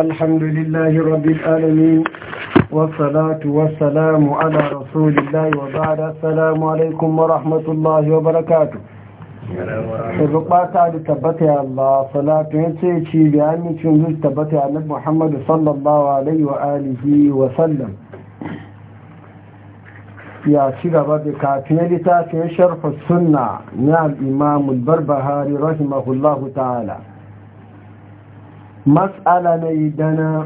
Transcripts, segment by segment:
الحمد لله رب العالمين والصلاة والسلام على رسول الله وبعد السلام عليكم ورحمة الله وبركاته Rukbata da tabbata ya Allah, salatu ya ce ci da amincin zuci tabbata ya Muhammadu sallallahu Alaihi wa wa sallam. Ya ci gaba da kafin ya littafin sharfa sunna na al'imamul barbahari rahimahullahu ta'ala. matsala na yi dana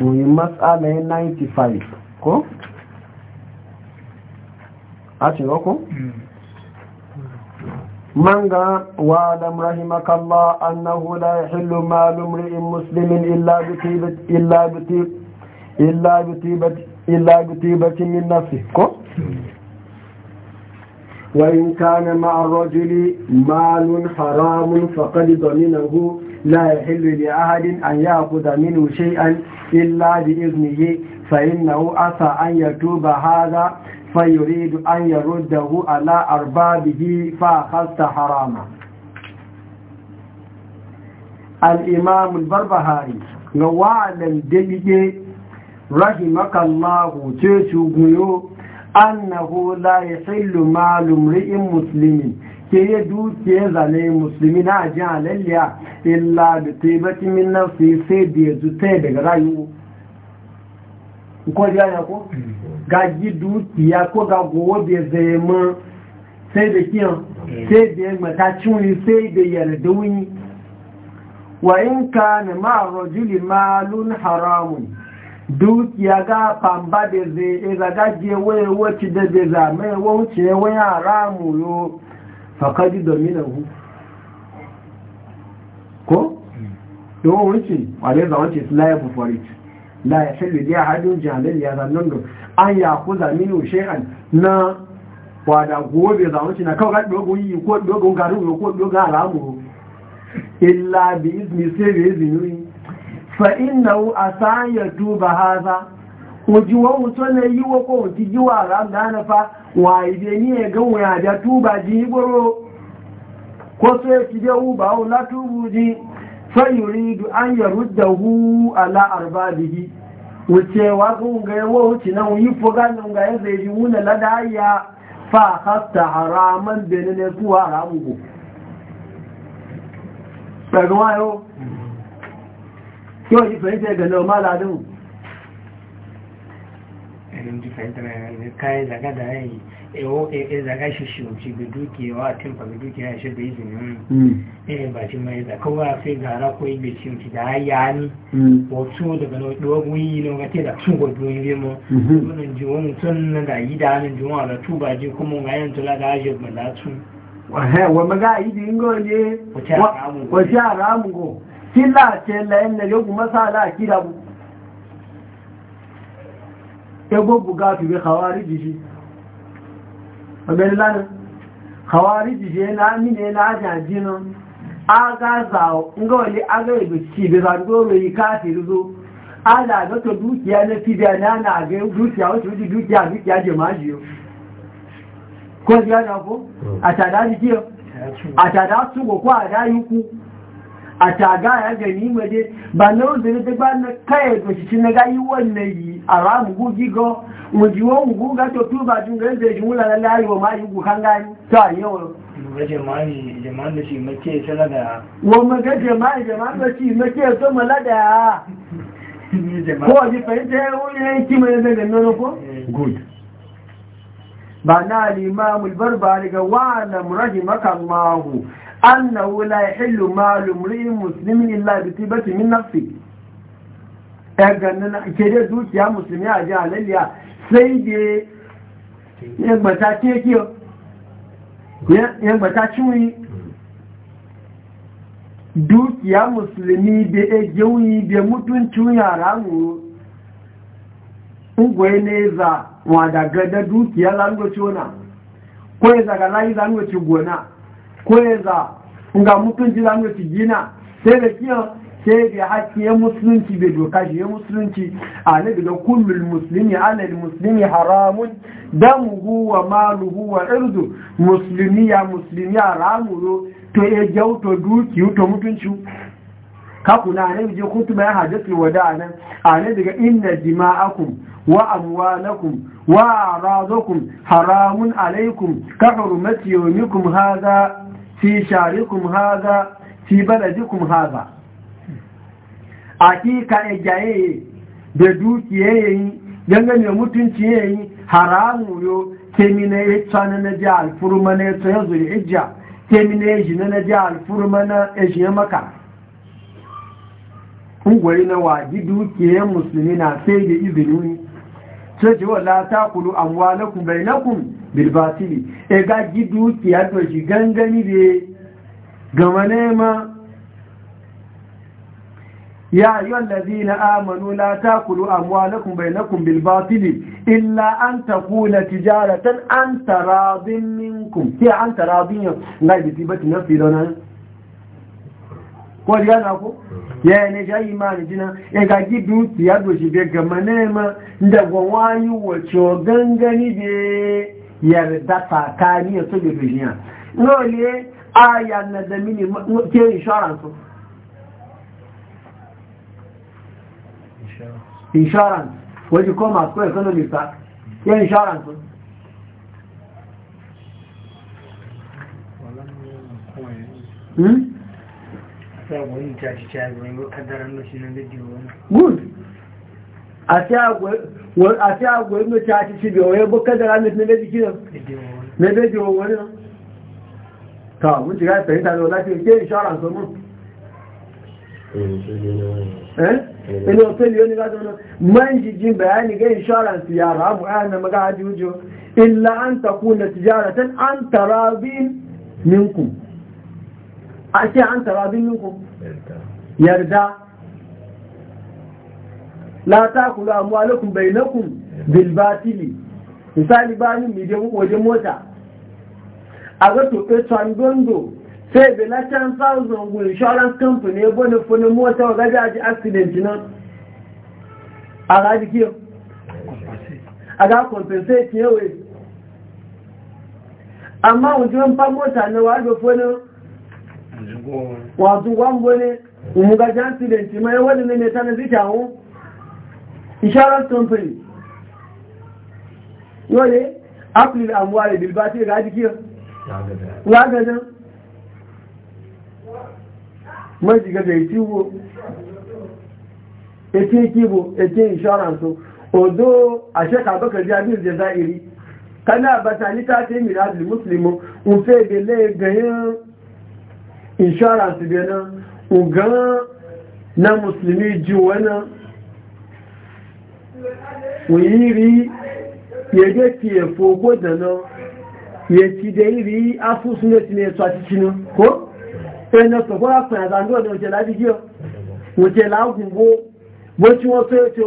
yi matsala ya 95 ko? a ce hmm. manga wa adam rahimakallah annahu la yahillu malu imri'in muslimin illa bi illa bi illa bi min nafsi ko? وإن كان مع الرجل مال حرام فقد لا يحل لأحد أن يأخذ منه شيئا إلا بإذنه فإنه عسى أن يتوب هذا فيريد أن يرده على أربابه فأخذت حراما الإمام البربهاري وعلم دليل رحمك الله تشبه أنه لا يحل مال امرئ مسلم ke duke zane musulmi na ajin halalliya illa da taibati min nafsi sai da ya zuta daga ya ko ji gane ko gaji ko ga gowa da zai ma sai da kiyan sai da ya matacin wani sai da yarda wani wa in ka na ma'arajuli malun haramun dukiya ga famba da zai ga gaji wani wacce da zai zama wuce wani yau faƙaji dominahu ko? yawon wuce wale zawon ce su laye bufarit la ya shaidu ya haɗin jihalin ya zannan da an ya ku zamini shekan na wada gobe zawon ce na kawai dogon yi ko dogon garin ko dogon alamu illa bi izini sai bi izini fa inna a sa'an ya tuba haza ojiwon mutum na yi wa kowace yi wa ramu na fa ni wàìdè ní ẹ̀gán tuba àjá túbà Ko gbóró kó tó ẹ̀kì jẹ́ ọba ọ látúrú ji fa yuridu an yaruddahu ala dìí wuce wa ga wo wuce na yi foga nan ga zai yi wuna ladaya fa hatta haraman benin ne kuwa haramu ko ɗaga ko? yau yi fahimta ga normal adin kayan zaga da yayi ewo eh, oh, e eh, eh, zaga shi shi ci bi duki wa tin fa bi duki ya shi bi izini ne hmm. ba shi mai zaka wa sai gara ko yi bai ci da ya ni hmm. wato daga no dogon yi na ga da sun go dogon yi mo mun hmm. ji won tun na da yi da hannun ji a da tuba ji kuma ga yan tula da aje ba da tun wa maga yi din go ne wa ci aramu go ci aramu go kila ce la yan ne kuma sala ẹgbó buga fi bí kàwárí jìṣì ọ̀gbẹ̀ni lánàá kàwárí jìṣì ẹ̀nà àmìnà ẹ̀nà àjà jìnà agaza ngọ́ọ̀lẹ́ agẹ́gbẹ̀ sí ìbẹ̀rẹ̀ àdúgbò yìí káàkiri ló ala àgọ́tọ̀ dúkìá ní fíbi ẹ̀nà àná àgẹ́ dúkìá ó ti rí dúkìá dúkìá a taga ya gani maje ba na wanzu da ba na kai ga shi na gayi wannan yi a ra mu gugi go mu ji wa mu guga to tu ba jin garin da ji na layi wa ma yi gukan gani ta yawa wa jama'i jama'an da shi make sala da wa maga jama'i jama'an da shi make to mala da ko ji fahimta ya wuri yanki mai daga nan ko eh. good ba na al-imam al-barbari ga wa lam rahimakallahu annahu la yahillu malu mri'in muslimin illa bi tibati min nafsi ganna ke da dukiya musulmi a ji halaliya sai da ya gbata teki ya gbata cinwi dukiya musulmi da ya gewi da mutuncin yara mu ungwe ne za wadagada dukiya langoci wana ko ya zaga layi langoci gona kweza nga mutunci za mu gina sai da kiyan sai da haƙƙi ya musulunci bai doka shi ya musulunci a na daga kullum musulmi alal musulmi haramun damu wa malu wa irdu musulmi ya musulmi ya ramuro to ya e gyauta dukiyu to mutunci kakuna ne je kuntu bayan hajjatul wada nan a ne daga inna jima'akum wa amwalakum wa aradakum haramun alaikum ka hurmati yawmikum hadha fi sharikum haza fi baladikum haza hakika ejaye da dukiyayi dangane mutunci yayi haramu yo kemine ya tsana na ji alfurma na ya tsaye zuri hijja kemine ya jina na ji alfurma na ya maka ungwari na waji musulmi na sai da izini sai ce wala ta kulu amwalakum bainakum bil batili e ga gidu ki to shi gangani ne gama ya ayyuhal ladina amanu la takulu amwalakum bainakum bil bilbatili illa an takuna tijaratan an taradin minkum an taradin ngai bitibati wọ́n yá náà kó yẹ ẹni ṣe yìí máa nìjìnà ẹgbà gíbi ń tìyà dòṣì bẹ gẹ̀mọ́ náà mọ́ ǹdẹ̀gbọ̀n wọ́n á yí wọ̀ṣọ́ gángan níbi yẹ̀rẹ̀ dátà ká ní ẹ̀tọ́ gbèdò yìí náà lè insurance Hmm? good a fi agwai a cikin biyo ya da ramis na beji kiran na beji wa wani nan ta mun shiga ya fahimta da wadafi ke ishara so mun eh? ina otel yoni ga zono man jijin bayani ga insurance ya ramu ana maga ajujo illa an takuna tijaratan an tarabin minkum a ce an tara binninku yarda la ta kula amwalakum bainakum bil batili misali bayan mi je waje mota a ga to e tsangondo sai be la chan thousand go insurance company ya bone fone mota ga ga ji accident na a ga ji kiyo a ga compensate yewe amma wajen pa mota na wa ga fone wato wango ne umuga jan student mai wani ne ta na zika hun insurance company yole april amwari bilbati ga jikiyar lagadan majiga da itiwo ete kibo ete insurance odo a asheka bakari abin jazairi kana batani ta ce miradul muslimu un fe bele gayin insurance bai nan ugan na musulmi ji wani wuyiri ya je fiye fogo da nan ya ci da iri afusun ya ci ne su a cikinu ko? ɗaya na sọ̀kọ́ àpẹẹrẹ àgbàndọ́ ọ̀dọ̀ òjèlá bí i òjèlá gùnbó bó tí wọ́n tó ètò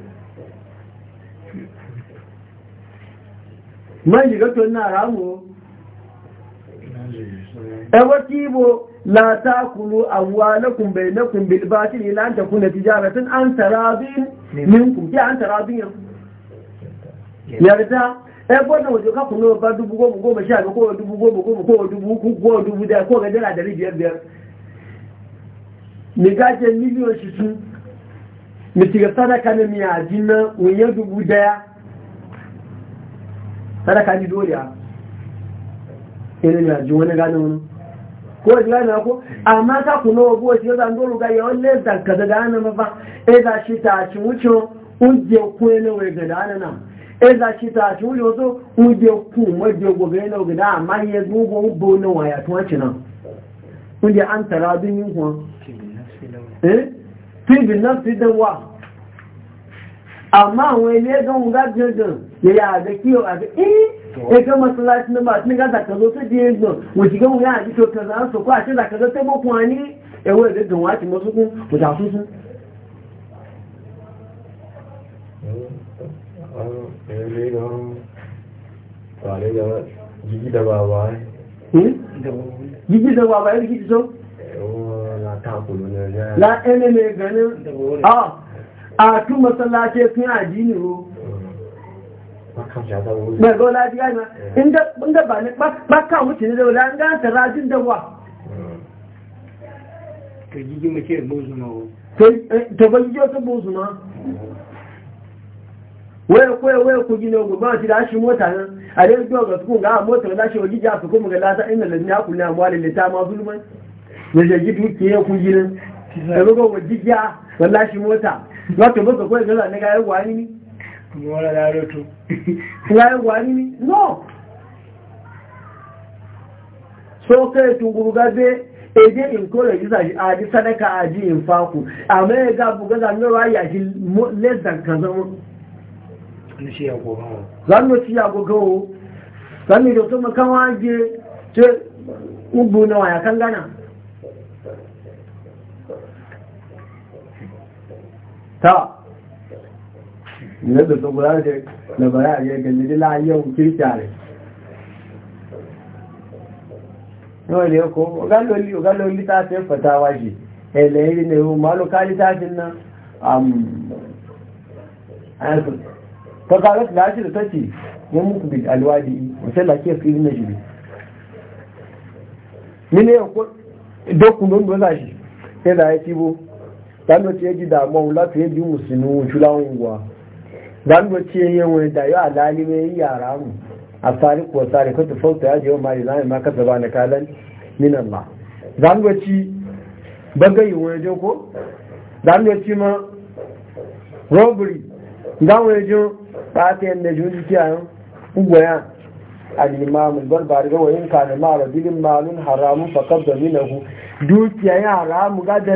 man shiga to na ramu ewa kibo la takulu amwalakum bainakum bil batil ila an takuna tijaratan an tarabin minkum ya an tarabin yarda ẹgbọ́ náà òjò kákùnlé ọba dúbú gómù gómù kowa dubu kó dúbú gómù gómù kó dúbú kú kó dúbú dẹ kó gẹ́gẹ́ àdàrí bíẹ́ bíẹ́ nìgá jẹ mílíọ̀n ṣiṣú mìtìgẹ̀ sádàkà ní mi àjínà òyìn dubu daya. sadaka ji dole a irin yaji wani gani wani ko ila na ko amma ka ku no go ti zan do ruga yo le zan ka da gana ma e da shi ta ci wucho uje ku ne we ga dana na e da shi ta ci wucho so uje ku mo je go ga ne ga da amma ye go go bo no wa ya to ci na uje an tara bin yin ko eh ti bin nafsi da wa amma wai ne gan ga gangan ya yi àgbẹ̀ kí o àgbẹ̀ ẹ́ ẹgbẹ́ mọ́sánláti nígbà tí nígbà zàkàzó tó di ẹgbọ̀n wọ́n ti gẹ́wọ̀n yá àjíṣò kẹta ń sọ̀kọ́ àti zàkàzó tó mọ́kún wa ní ẹwọ́ ẹgbẹ́ gan wá ti mọ́ sókún òjà fúnfún Jíjí da bàbá yìí jíjí so? Eh, a tún masallace sun addini ro mai gola na inda ba ne ba ka wuce ne da wula an ganta rajin dawa to gigi mace bozuma eh, to ba gigi wata bozuma waya koya waya ku gina ogun ba shi da shi mota nan a dai zuwa ga tukun ga mota da shi waje ja su kuma ga lata inda da ya kula amma da lita ma zulman ne da gidi ke ku gina da ga waje ja wallahi mota a tó mọ́sọ̀ pé ìjọ́lá ní gáyé wà ní ní wọ́n rẹ̀ tó gáyé wà ní ní náà sókè tunguru gabe eje inkore jisa aji sadaka aji infaku amma ya buga zanen raya shi less than kan ya da na kan gana ta ne da tsogura da labara a yagan da layan kirkiya ne yau ne ko ogaloli ta fi fatawa shi ẹlẹ́yìn ni o máa lókálí táàkì náà àmì tọ́kàrọ̀ tí láti rẹ̀ tọ́tì wọ́n mú kùbì alwadi òṣèlá kí ẹ̀kì ìrìnà jùlọ nílé ọkọ̀ ìdókùn ló ń bọ́ láti ẹ̀dà ẹ̀tí bó zanu ce ji damuwa wula ta e yi musulmi wucu lawon guwa zanu ce yi da yau alali eh, mai yara mu a tsari kuwa tsari kwata fauta ya jewa mari zami ma kasa ba na kalan minan ma zanu ci bagayi wani jin ko zanu ci ma robbery zanu wani jin ɓata yadda jin jiki a yan eh, ugwaya eh. al-imam al-barbari ga wayin kana ma rabbil malun haramun faqad minahu dukiya ya haramu ga da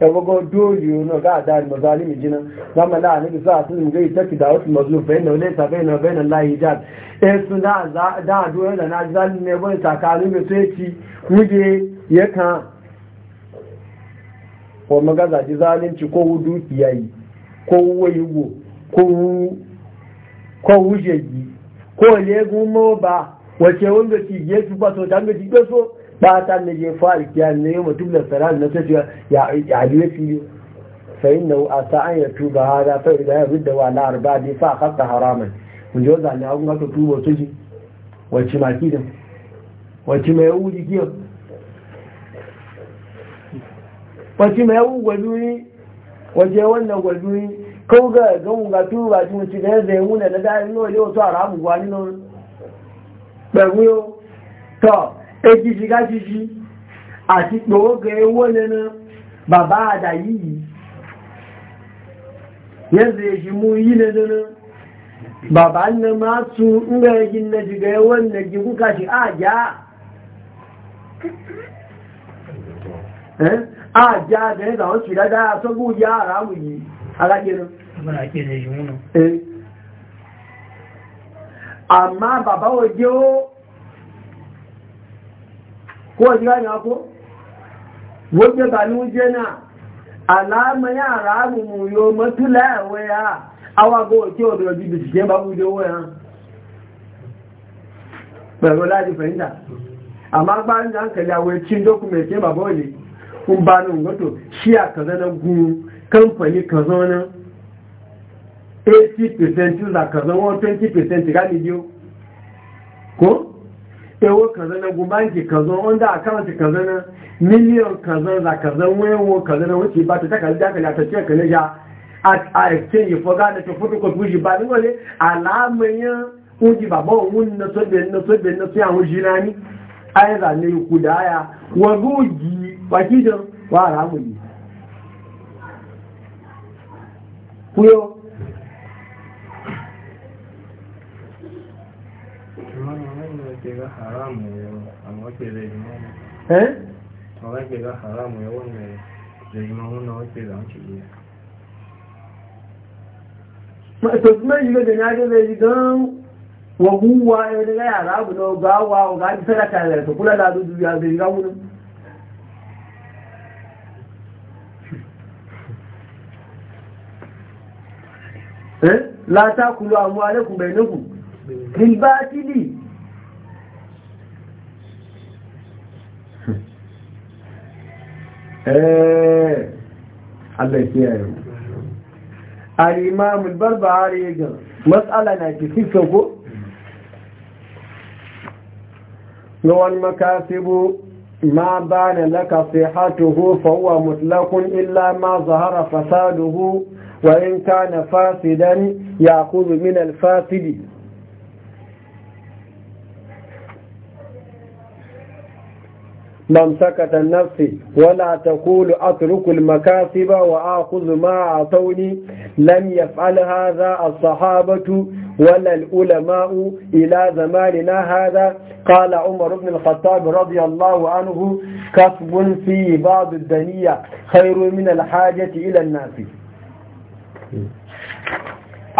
yabago dole no ga da mazalimi jina zama la ne bisa sun ga ita ki da wasu mazlum fa inna laysa baina baina Allah hijab eh sun da da dole da na zalimi ne bai tsakanin mai sai ci muje ya kan ko magaza ji zalunci ko wudu yayi ko wayugo ko ko wujeji ko legun mo ba wace wanda ci yesu ba to dan ga ci so Ba ta ne je fari kiya ne yau mutum da salam na ta cewa ya aliyu fili fa'in na asa an ya tuba hada fa'in da ya rudda wa na arba da fa kasta haraman mun je wanda ne an gaka tuba su ji wacce ma kidan wacce mai wuri kiyo wacce mai wuri gwajuri wace wannan gwajuri kau ga gamu ga tuba ji mutum da ya zai wuna na da ya yi wasu haramun gwani nan ɓarguyo to ejiji gajiji àti pé ó gẹ nínú bàbá àdà yìí yanzu ya mu yi bàbá na masu ńgbà yìí na jiga yawan na jigun kashi a já a já ga yanzu àwọn dada sabu yara mu yi a gajinan amma bàbá ko ji gane ko wajen banu jena alama yara mu yo matula waya awa go ti o do bi bi je ba bu de waya pẹ̀lú láti fẹ̀yìntà àmá gbá ń já ń kẹ̀lẹ̀ àwọn ẹ̀kí dọ́kùnmẹ̀tì bàbá òní ń shi ní kaza na àkàzánà Kamfani kọ́mpẹ̀lì na 80% ìlà kàzánà 20% ga ránìdíó ko. ewo kaza na gubanki kaza wanda akawunti kaza na miliyon kaza za kaza wewo kaza na wuce ba ta takardu dakali a tafiya kane ja a exchange foga da ta ko shi ba ni wale alamayan uji baba ohun na sobe na sobe na soya hun na ni a za ne ku da aya wa gogi wa kidan wa ramu ni kuyo Eh? ma to kuma yi da na ga zai gan wa huwa ya daga yara abu na ga wa ga ji kula da zuwa ya zai ga mu eh la ta kulu amwalakum bainakum bil batili eh Allah ya kiyaye mu na kifin ko ruwan makasibu ma bana laka sihatuhu fa huwa mutlaqun illa ma zahara fasaduhu wa in kana fasidan ya'khudhu min alfasidi. fasidi ممسكة النفس ولا تقول أترك المكاسب وآخذ ما أعطوني لم يفعل هذا الصحابة ولا العلماء إلى زماننا هذا قال عمر بن الخطاب رضي الله عنه كسب في بعض الدنيا خير من الحاجة إلى الناس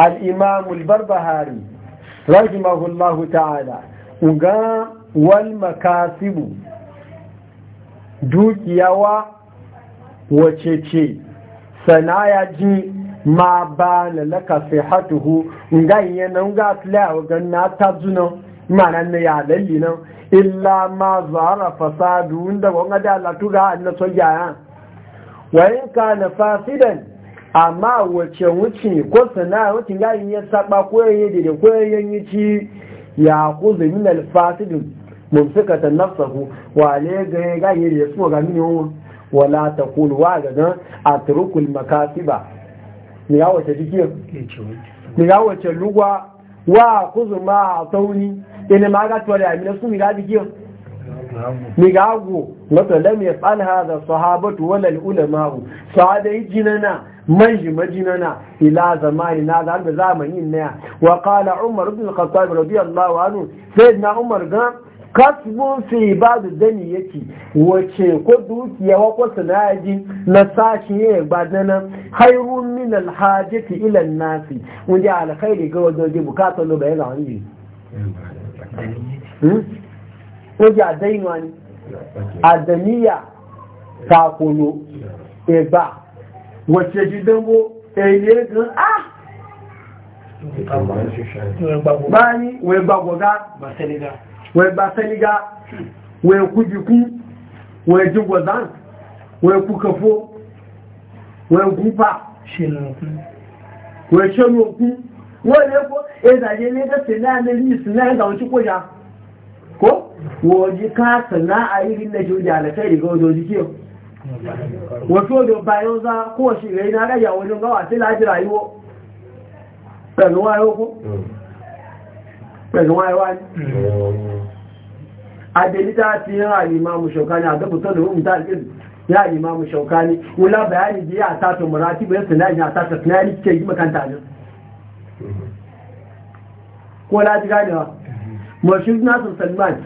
الإمام البربهاري رحمه الله تعالى وقام والمكاسب dukiyawa wace ce sanaya ji ma ba na laka sai hatuhu nga iya nan ga filawa gan na ta zuna mana na ya lalli nan illa ma zara fasadu da wani da ga an na soya wayan ka na fasidan amma wace wuce ko sanaya wuce ga iya saba ko da ko yayi ci ya ku zumin alfasidun mumsikatan nafsahu wa le ga ga yi da su ga mini won wala taqul wa ga dan atrukul makasiba ni ga wace dikiyo ni ga wace lugwa wa kuzuma tauni ina ma ga to da mi su mi ga dikiyo ni ga go wato lam yafal da sahabatu wala ulama sahabai jinana manji majinana ila zamani na da zamanin ne wa qala umar ibn khattab radiyallahu anhu sayyidina umar Gan. kasbun fi ibadu dani yake wace ko dukiya wa ko sanaji na sashi ya gbadana hayrun min alhajati ila nasi wanda alkhairi ga wadoje bukata lo bayan hanji wanda hmm? adainwa wani? adaniya takolo eba wace jidanbo ele gan ah bani we gbagboga ba senegal wai ba saniga wai ku jiku wai ji gwazan wai ku kafo wai gufa wai shanoku wai ne ko ezaje ne da ne sinanari da ga koja ko waje ka sana'a irin na joji alakai daga wajoji kiyo wato da bayan za ko shi gai na rage wajen gawa sai laji rayuwa ɗanuwa yau ko ɗanuwa mm. yau ne ta yi yin alimamu shaukani a gabatar da rubuta alƙin ya alimamu shaukani wula bayani biya a tata murati bayan sinari a tata sinari ke yi makanta ne ko lati ganewa mashin nasu salman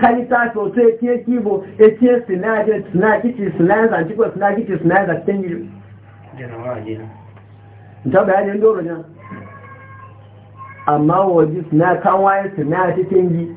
kani ta fi ya ke kibo ya ke sinari sinari kici sinari zanci ko sinari kici sinari zanci ten yi ta bayanin doro ne amma wajen sinari kan wayan sinari cikin yi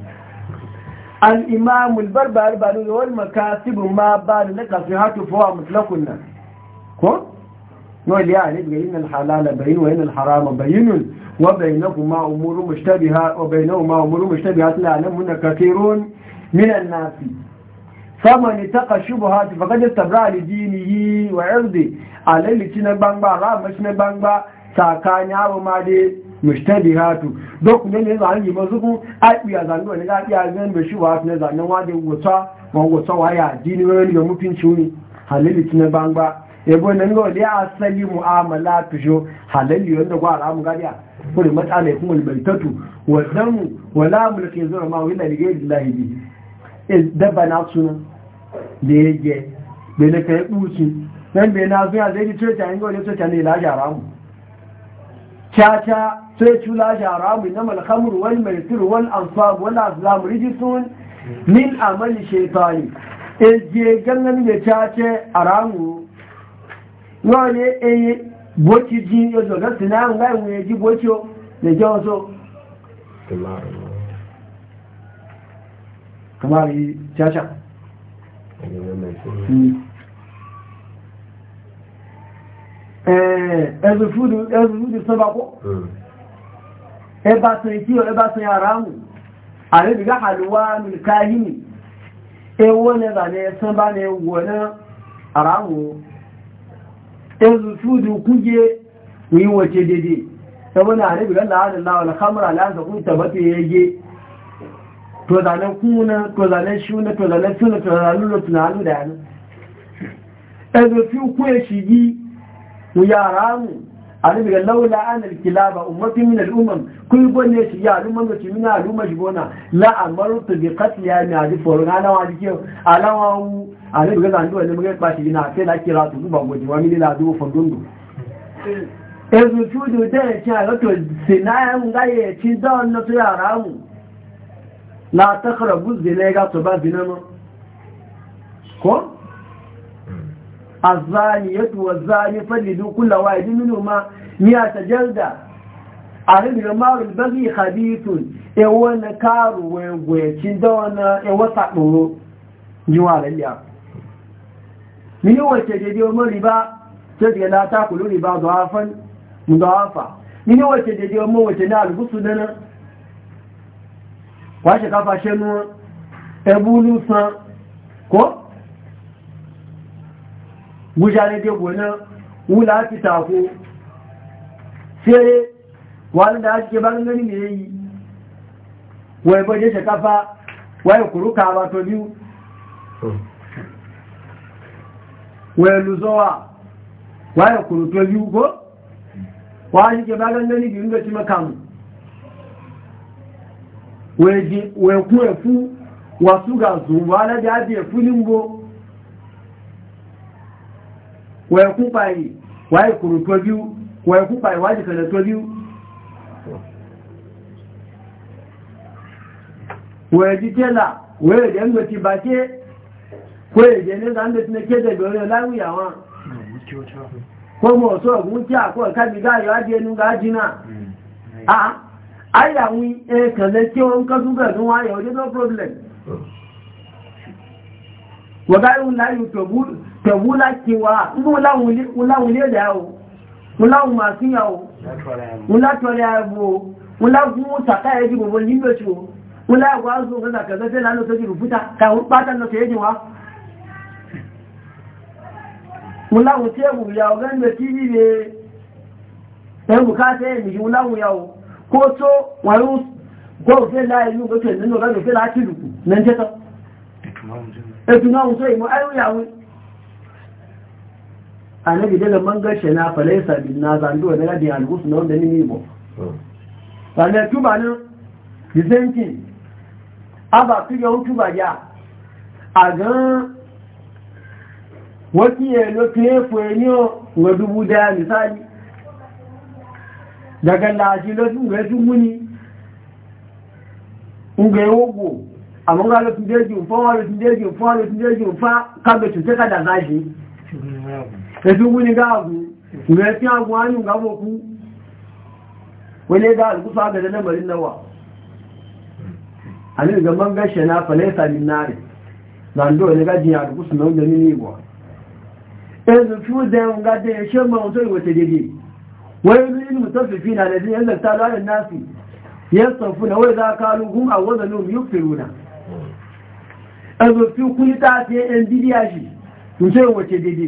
الإمام البربر بانون والمكاسب ما بان لك صحته فهو مطلقنا كون نقول يعني بين الحلال بين وإن الحرام بين وبينهما أمور مشتبهة وبينهما أمور مشتبهة لا يعلمهن كثير من الناس فمن اتقى الشبهات فقد استبرع لدينه وعرضه عليه لتنا بانبا رامشنا بانبا ساكاني عو مادي mushtabihatu dok ne ne zan yi mazuku abiya zan do ne ga abiya zan be shi wa ne zan wa de wota wa wota wa ya dini wani ga mutun ci ne halali tuna bangba e bo nan go da asali muamala tujo halali wanda gwa ramu ga dia ko da mata ne kuma albaytatu wa damu wa la mulki zura ma wala li ghayri llahi bi dabba na suna da yake da ne kai buci dan be na zuwa zai ji tuta ne ne tuta ne la jaramu cha cha sai cula sharabu na malhamur wal maisir wal ansab wal azlam rijisun min amali gangan aramu eh, boci ji zo gasu na ji kamar yi hmm. eh, fúdù ẹba sun ikiyo ẹba sun yara mu a rí biga halwa milkahini ewo ne zane sun ba ne wani ara mu ezufudu kuje yi wace daidai saboda ne rí biga la'adun la'adun kamar la'adun kun tabbata ya yi to zane kuna to zane shuna to zane suna to zane lulu tunanu da yana ezufudu kuwa shigi mu yara mu alibi laula an alkilaba ummatin min al'umam kun gwanne shi ya al'umman da cimin al'umma shi gona la amartu bi qatl ya mi ali forun ala wa dike ala wa alibi ga ndu ne mugai kwashi ina sai la kira tu ba mu goji wa min la du fondundu ezu tudu da ya ci ala to sinaya mun ga ya ci da wannan to yara mu la takrabu zina ga to ba zina mu ko azaniyatu wazani fallidu kulla wahidin minhuma mi'ata jalda arin da marul bagi khabithun e wani karu wegweci da wani e wata ɗoro yiwa lalya mini wace daidai wani riba sai daga lata kulu riba zuwafan mudawafa mini wace daidai wani wace na algusu da nan kwashe kafa ko wujane dai gona wula fita ko sai wanda ake ban gani ne yi wai baje shi kafa wai kuruka ba to biyu wai luzowa wai kuruto biyu ko wani ke ban gani biyu da shi makamu wai kuma fu wasu ga zuwa na da ya fiye fulin bo wọ́n kú báyìí wọ́n ìkùrù tọ́jú wọ́n kú báyìí wọ́n ìkẹ̀lẹ̀ tọ́jú wọ́n èdè tẹ́là wọ́n èdè ń gbẹ̀tì bá ké kó èdè ní ìdánilẹ́tì ní kéde ìgbẹ̀rẹ̀ láwùyàwọ́n kọmọ ọ̀sọ́ ọ̀gùn tí àkọ́ ìkájigá yọ ájẹ́ inú gájínà ayàwí ẹ̀kẹ̀lẹ̀ tí wọ́n ń kọ́ wọ̀gáyún láyún tọ̀bú láti wà ńláhùn lè dáwò ńláhùn máa sí yàwó ńlátọ̀rẹ̀ ààbò ńláhùn tàkà ẹ̀dì gbogbo nílòtí o ńláhùn aṣọ òkúta kẹfẹ́fẹ́ lánà tó jùrù fúta kàwọn pátá lọ tẹ́ẹ̀dì wá ńláhùn tí ẹ̀wù yàwó gẹ́gbẹ̀ tí yi yi, káṣẹ́ ẹ̀mì ńláhùn yàwó kó tó wọ́n rú gbọ́ ẹ̀tùn náà sọ ìmọ̀ ayúyàwó a nabi daga mangashe na falaisa bin na zanduwa na radin alhusu na wanda nini ibo sannan tuba nan disentin a tuba ya a gan wọ́n yẹ ló tí é dubu ẹni wọ́n daga láàájí lọ́tún rẹ̀ tún múni àmọ́ ńlá ló ti dé jù fún wọn ló ti dé jù fún wọn ló ti dé jù fún kábẹ̀tù tí kàdà láṣe ẹ̀fí wú ní gáàgù ìrẹ́ tí àgùn á ní ìgbàmọ́kú wọlé gáàgù fún àgbẹ̀dẹ̀ lẹ́mọ̀rí náwà àní ìgbàmọ́ gẹ́ṣẹ̀ náà fẹ̀lẹ́sà ní náàrí làndó ẹni gájì àdùkú sùn lóúnjẹ nínú ìwọ̀ ẹnu fí ó dẹrùn gádé ẹṣẹ́ mọ́ ohun tó ìwò ṣe dédé wọ́n ní ìlú tó fi fi nà lẹ́sìn ẹ̀lẹ́ta lọ́rẹ̀ náà sì yẹ́ sọ fún ẹwọ́ ìdákàlù gún àwọn ọ̀dọ̀ ní òmìnir ẹgbẹ̀fí shi tààtí ẹn wace àṣì ìṣẹ́ ìwọ̀tẹ̀ dédé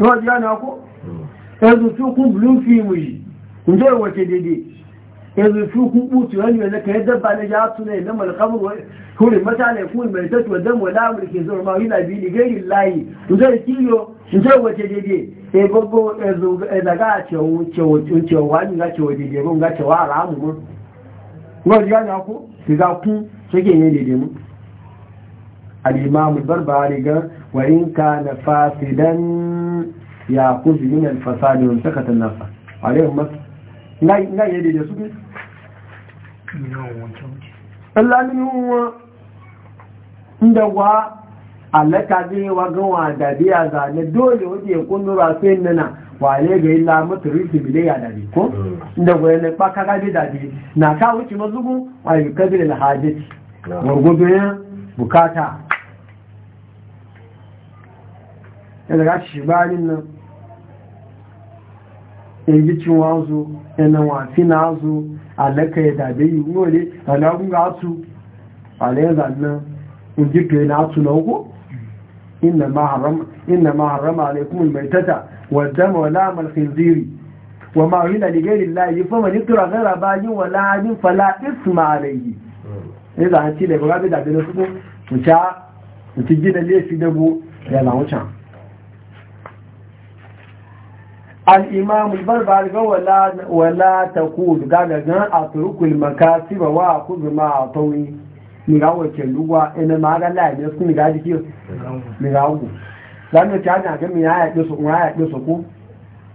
rọ́díọ́nà ọkọ́ ẹgbẹ̀fí kun blue film yìí ìṣẹ́ ìwọ̀tẹ̀ dédé ẹgbẹ̀fí kún pútù ẹni ẹ̀lẹ́kẹ̀ ẹ̀dẹ́bà lẹ́jà átúnlẹ̀ ìlẹ́mọ̀lẹ́kọ́ ebogo ezaga cewa ni ga cewa dede ga cewa alamu mu ngo na ku diga ku sai ke ne dede mu الإمام البربري وإن كان فاسدا يأخذ من الفساد وانتقت النفع عليهم مثل لا يدي يسوك Allah min huwa inda wa alaka ne wa gawa da biya zane dole waje ya kundura sai nana wale ga illa mutu rufi bile ya dabi ko inda gwaye na ba kaga dabi na ka wuce mazugu a yi kabir alhaji wargobe bukata yana ga shi bayanin nan yayi cin wazo yana wafi na wazo alaka ya dabe yi wole alagun ga asu alayin zannan in ji to yana na uku inna ma harama alaikum almaitata wa dama wa lama alkhinziri wa ma na li ghairi llahi fa man yutra ghayra bajin wa la adin fala isma alayhi ne da an ci da ga da da su ko mu mu ci gina lefi da bu ya na wucin الإمام البربر ولا ولا تقول قال أترك المكاسب وأخذ ما أعطوني miga wace ruwa ina ma ga la ne su miga jiki miga ugu dan ne tana ya yi su ya yi su ku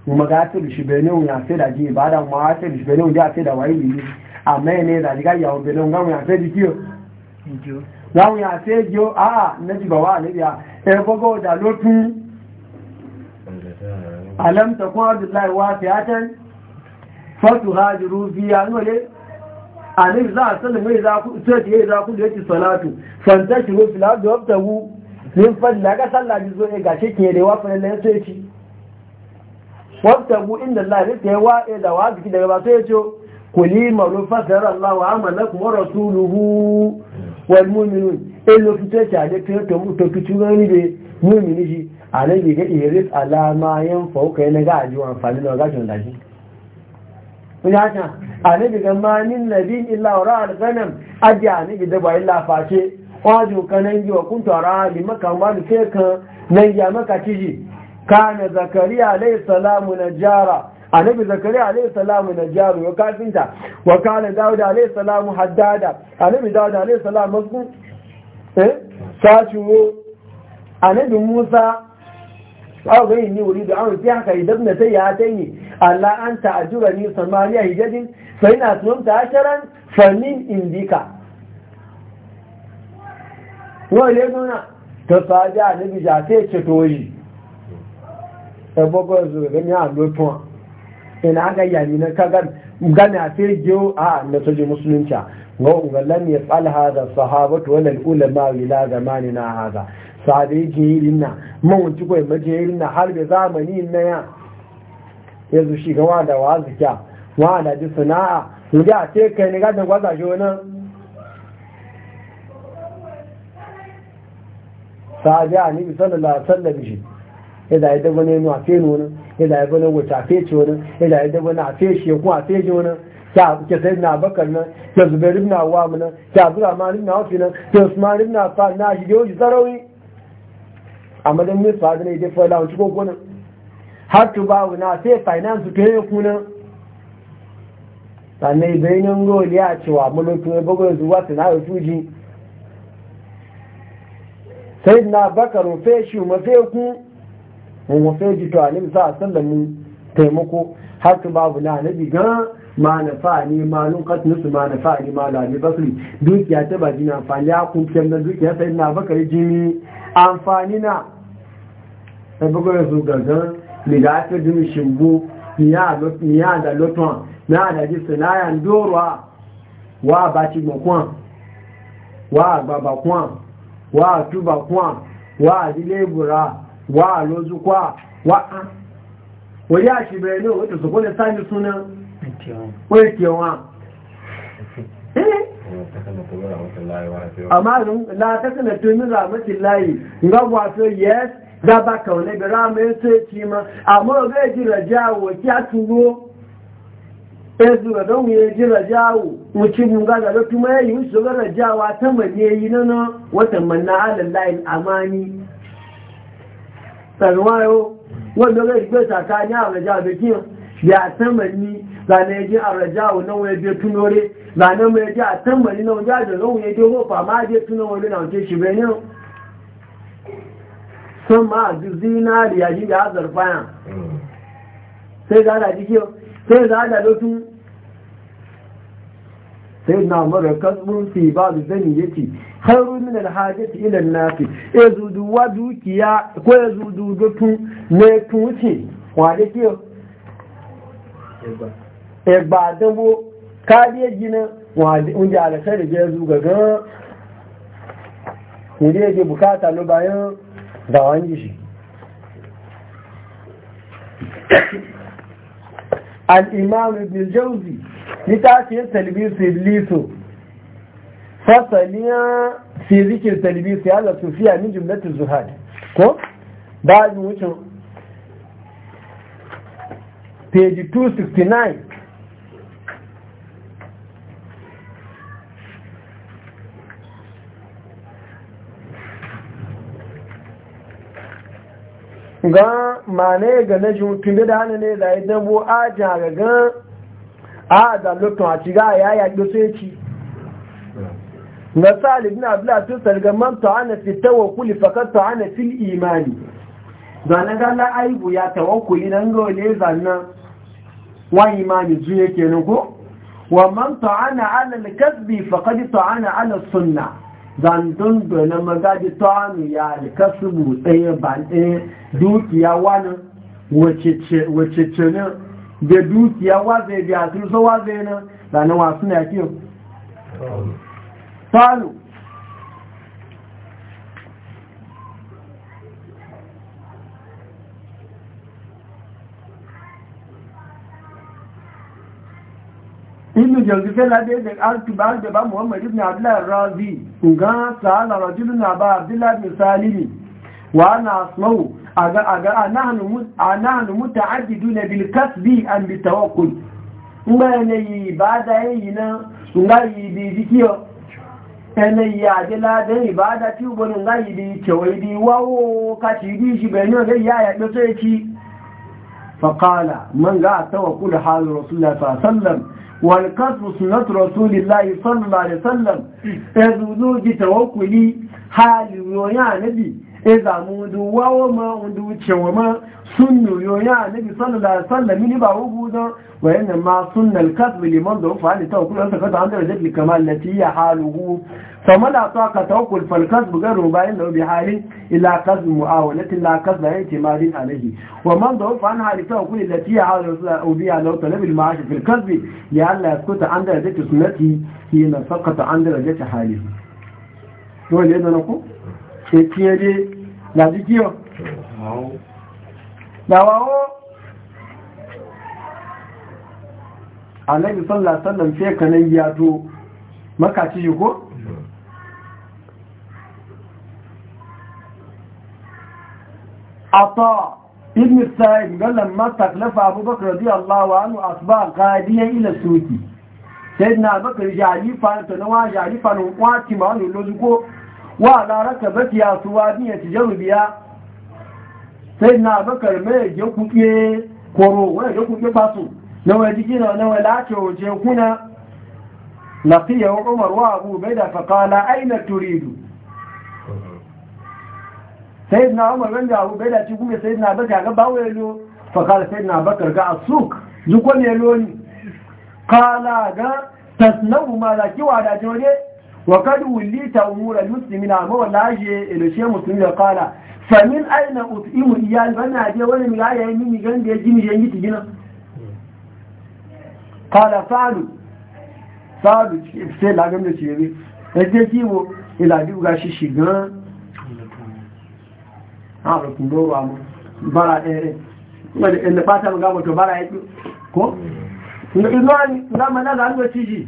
mu ga ta shi bene ya sai da ji ba da mu ta shi bene ya sai da wayi ni amma ne da ga ya bene ga mu ya sai jiki na ya sai jo a na ji ba wa ne ya e da lotun alam ta kuma abdullahi wa can fatu hajiru biya nole alim za a sanin mai za ku sai ya za ku da yake salatu fantashi ko fil ardi wabtahu min fadla ka sallah ji zo ga shi ke da wafa lalle ya ci wabtahu inda Allah ne yi wa da wa biki daga ba sai ya ce kuli maru fasar Allah wa amalakum wa rasuluhu wal mu'minun illo fice ta da to to kitu ne mu'mini shi a nan bi ga iris alama yin fauka yana ga ajiyu amfani da gashin daji ina ta a nan bi ga manin nabi illa wa ra'al ganam aji a nan bi da ba illa face wajo kanan yi wa kun tara li maka ma da sai kan nan ya maka ciji kana zakariya alayhi salamu najara annabi zakariya alaihi salamu najaru wa kafinta wa kana dawud alayhi salamu haddada annabi dawud alayhi salamu masku eh sashu annabi musa aw ga inni uridu an haka idan na sai ya taini Allah an ta'ajura ni samaniya hijadin fa ina tunta asharan fa min indika wa le nuna to saja ne bi ja sai ce toyi e bogo zu ga ni a lo ina ga yami na kagar gane a sai jiyo a na soje musulunci ga ungalan ya fal hada sahabatu wal ulama ila zamanina hada sahabe yake yi rinna mawanci kawai mace yi rinna har da zamani na ya yanzu shiga wa da wa zukiya wa da ji sana'a wuri a ce kai ne gadon gwaza shi wani sahabe a nabi bisan da wasallam shi bishi ya daba ne a fe nuna yadda ya bane wuce a fe ce wani yadda ya daba na a fe shi kuma a fe shi wani ta ke sai na bakar nan ke na ibn mu nan ma abdurrahman ibn awf nan ke usman ibn affan na shi da yau sarawi a madan mai fadi ne dai fada wancu koko nan har tu ba wuna sai finance ta yi kuna sannan bayanin roli a cewa mulkin ya bugu yanzu wata na yi suji sai na baka rufe shi mafi ku mu mafi jito a nemi a sallamin taimako har tu ba wuna na bigan ma na fa'ani ma nukat nusu ma na fa'ani ma labi basri dukiya ta baji na amfani ya kyan na dukiya sai na bakar jini amfani na ta bugar su gangan ni da jini shimbu ni ya da loton na da ji yan doruwa wa ba ci makon wa ba kwan wa atuba kwan wa adile lebura wa alozukwa wa a wòye àṣìbẹ̀rẹ̀ náà ó tẹ̀sọ̀kọ́ sami sunan. wai kewa eh? amma la ta kana tun rahmatin layi ga yes za ba wani gara mai sai ma amma zai ji rajawo a turo ezu ga don ya ji rajawo wuce mun ga ga kuma amani gbe a zane ya ji a rajawo nan wani je tunore zane mai je a tambari nan wajen da zan wani je hofa ma je tunan wani na wace shi bai yau sun ma a zinari zinariya ji da hazar faya sai za da jikiyo sai za da lotu sai na mara kasbun fi ba da zani ya ce haru min alhajati ilan nafi e zudu wa dukiya ko e ya zudu dutu ne tuci wa da ke ẹgbà àdánwò káàdéjì náà wọ́n jẹ́ àlẹ́sẹ́rẹ̀ jẹ́ zu gàgán ilé èdè bukata ló bayan dàwọn yìí al'imam ibn jauzi ní tashiyar talibisi liso fasaliya fi zikir talibisi ala sufiya min jumlatin zuhad ko ba wucin page 269 ga mane ga na jun tun da hannu ne da ya dabo a jagagan a da lokacin a ga ya yaƙi sai ci na salib na abu da tun sarga man ta'ana fi tawakkuli fakat ta'ana fil imani zanen ga na aibu ya tawakkuli nan ga wale zanen wa imani zu yake nan wa man ta'ana ala kasbi faqad ta'ana ala sunna zandun dole na magaji ya ya alkasu tsaye ba ɗaya dukiya wani wacece ne da dukiya waze biya turso waze na da na wasu na kiyo talu inu janzu fela da yadda arki ba da ba muhammad ibn abdullahi razi ga sa'ala rajulu na ba abdullahi bin salimi wa ana asmau a ga a nahanu muta'addidu na bil kasbi an bi tawakkul ngba yi ba da yi na nga yi bi dikiyo yi adela da yi ba da ti ubonu nga yi bi cewa yi bi wawo ka ci bi shi bayan yau ya ya ɗato ya ci faƙala man ga a tawakkul halin rasulullah sallallahu والقصف سنة رسول الله صلى الله عليه وسلم اذ وجود توكلي حال ويا نبي iza mu duwa wa ma undu cewa ma sunnu yo ya nabi sallallahu alaihi wasallam ni ba wugu da wa yana ma sunnal kadhb liman da fa ali tawakkul ta kada an da jaddi kamal lati ya haluhu fa ma la ta ka tawakkul fal kadhb garu bayan da bi hali ila kadhb muawalati la kadhb ya ma timadi alaihi wa man da fa an hali tawakkul lati ya haluhu bi ala talab al ma'ash fil kadhb ya alla yakuta an da jaddi sunnati hina faqata an da jaddi hali dole ne ko ṣe tí ẹ lé láti kí ó alẹ́gbẹ̀ sọ́lá sọ́lá fi ẹ̀kọ́ lẹ́yìn yàtò makaci yìí kó àtọ́ ibn sa'id gallan mataklafa abubakar radiyallahu anhu asba qadiyan ila suki sayyidina wa laraka bakiya su wadi ya ci jarubiya sai na bakar mai ya kuke koro wani ya kuke fasu na wani jiki na wani lake waje kuna na fiye wa umar wa abu bai da fakala aina turidu sai na umar wanda abu bai da ci kuma sai na bakar ga bawo yalo fakala sai na bakar ga asuk zukon yalo ne kala ga tasnabu ma da kiwa da وقد وليت أمور المسلمين أمور الله إلشي مسلمين قال فمن أين أطئم إيال بنا دي ولم لا يمين جند يجيني جنجي تجينا قال فعلوا فعلوا سيد لعجم نسيبي يجيبوا إلى ديو غاشي شيغان أعرف ندور عمو برا إيه إن فاتم قاموا تبرا إيه كو Ngamana za a ci shi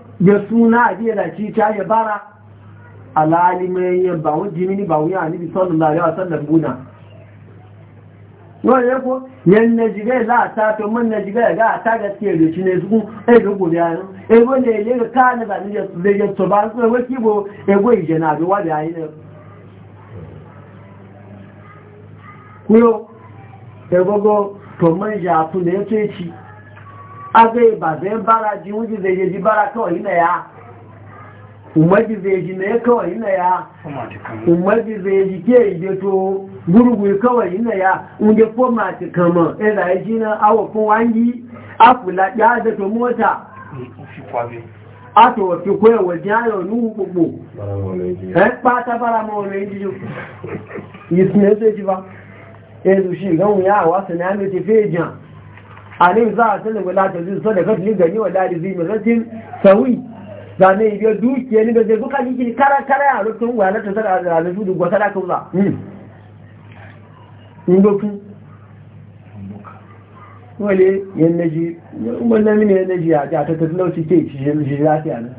ya suna a biya da ci ta ya bara alalimai yin ba wun jimini ba wuya ni bi na alaihi wasallam buna wani yako yan na jiga za a ta fi mun na jiga ga a ta gaske da shi ne su ai ga gobe yi ai ne ya ga ka na zani ya su ya tsoba ba su wai kibo ai e go ije na da wada yayin ne kuyo ai e gogo to man ja tu ne ya ce ci aza ibaben bara ji wuji zai je ji bara kawai na ya umarji zai ji na ya kawai na ya umarji zai ji ke ije to gurgu kawai na ya unge foma ti kama Ina ya e e ji na awa kun wangi afula ya da to mota mm, a to fi kwaye wajen ayo ni hukuku ɗan pata bara ma wani ijiyo yi sinye zai ji ba ezu shi gan wuya a wasu na ya mai tafiye jan anin za a sanin wala ta zuwa da kafin gani wala da zai miratin sawi zane ibiya dukiya ni da zai buka yi kara kara a rukun wala ta zara da ranar su gwata da Kuma in doku wale yan naji wannan mini yan naji a ta ta talauci ke shi lafiya nan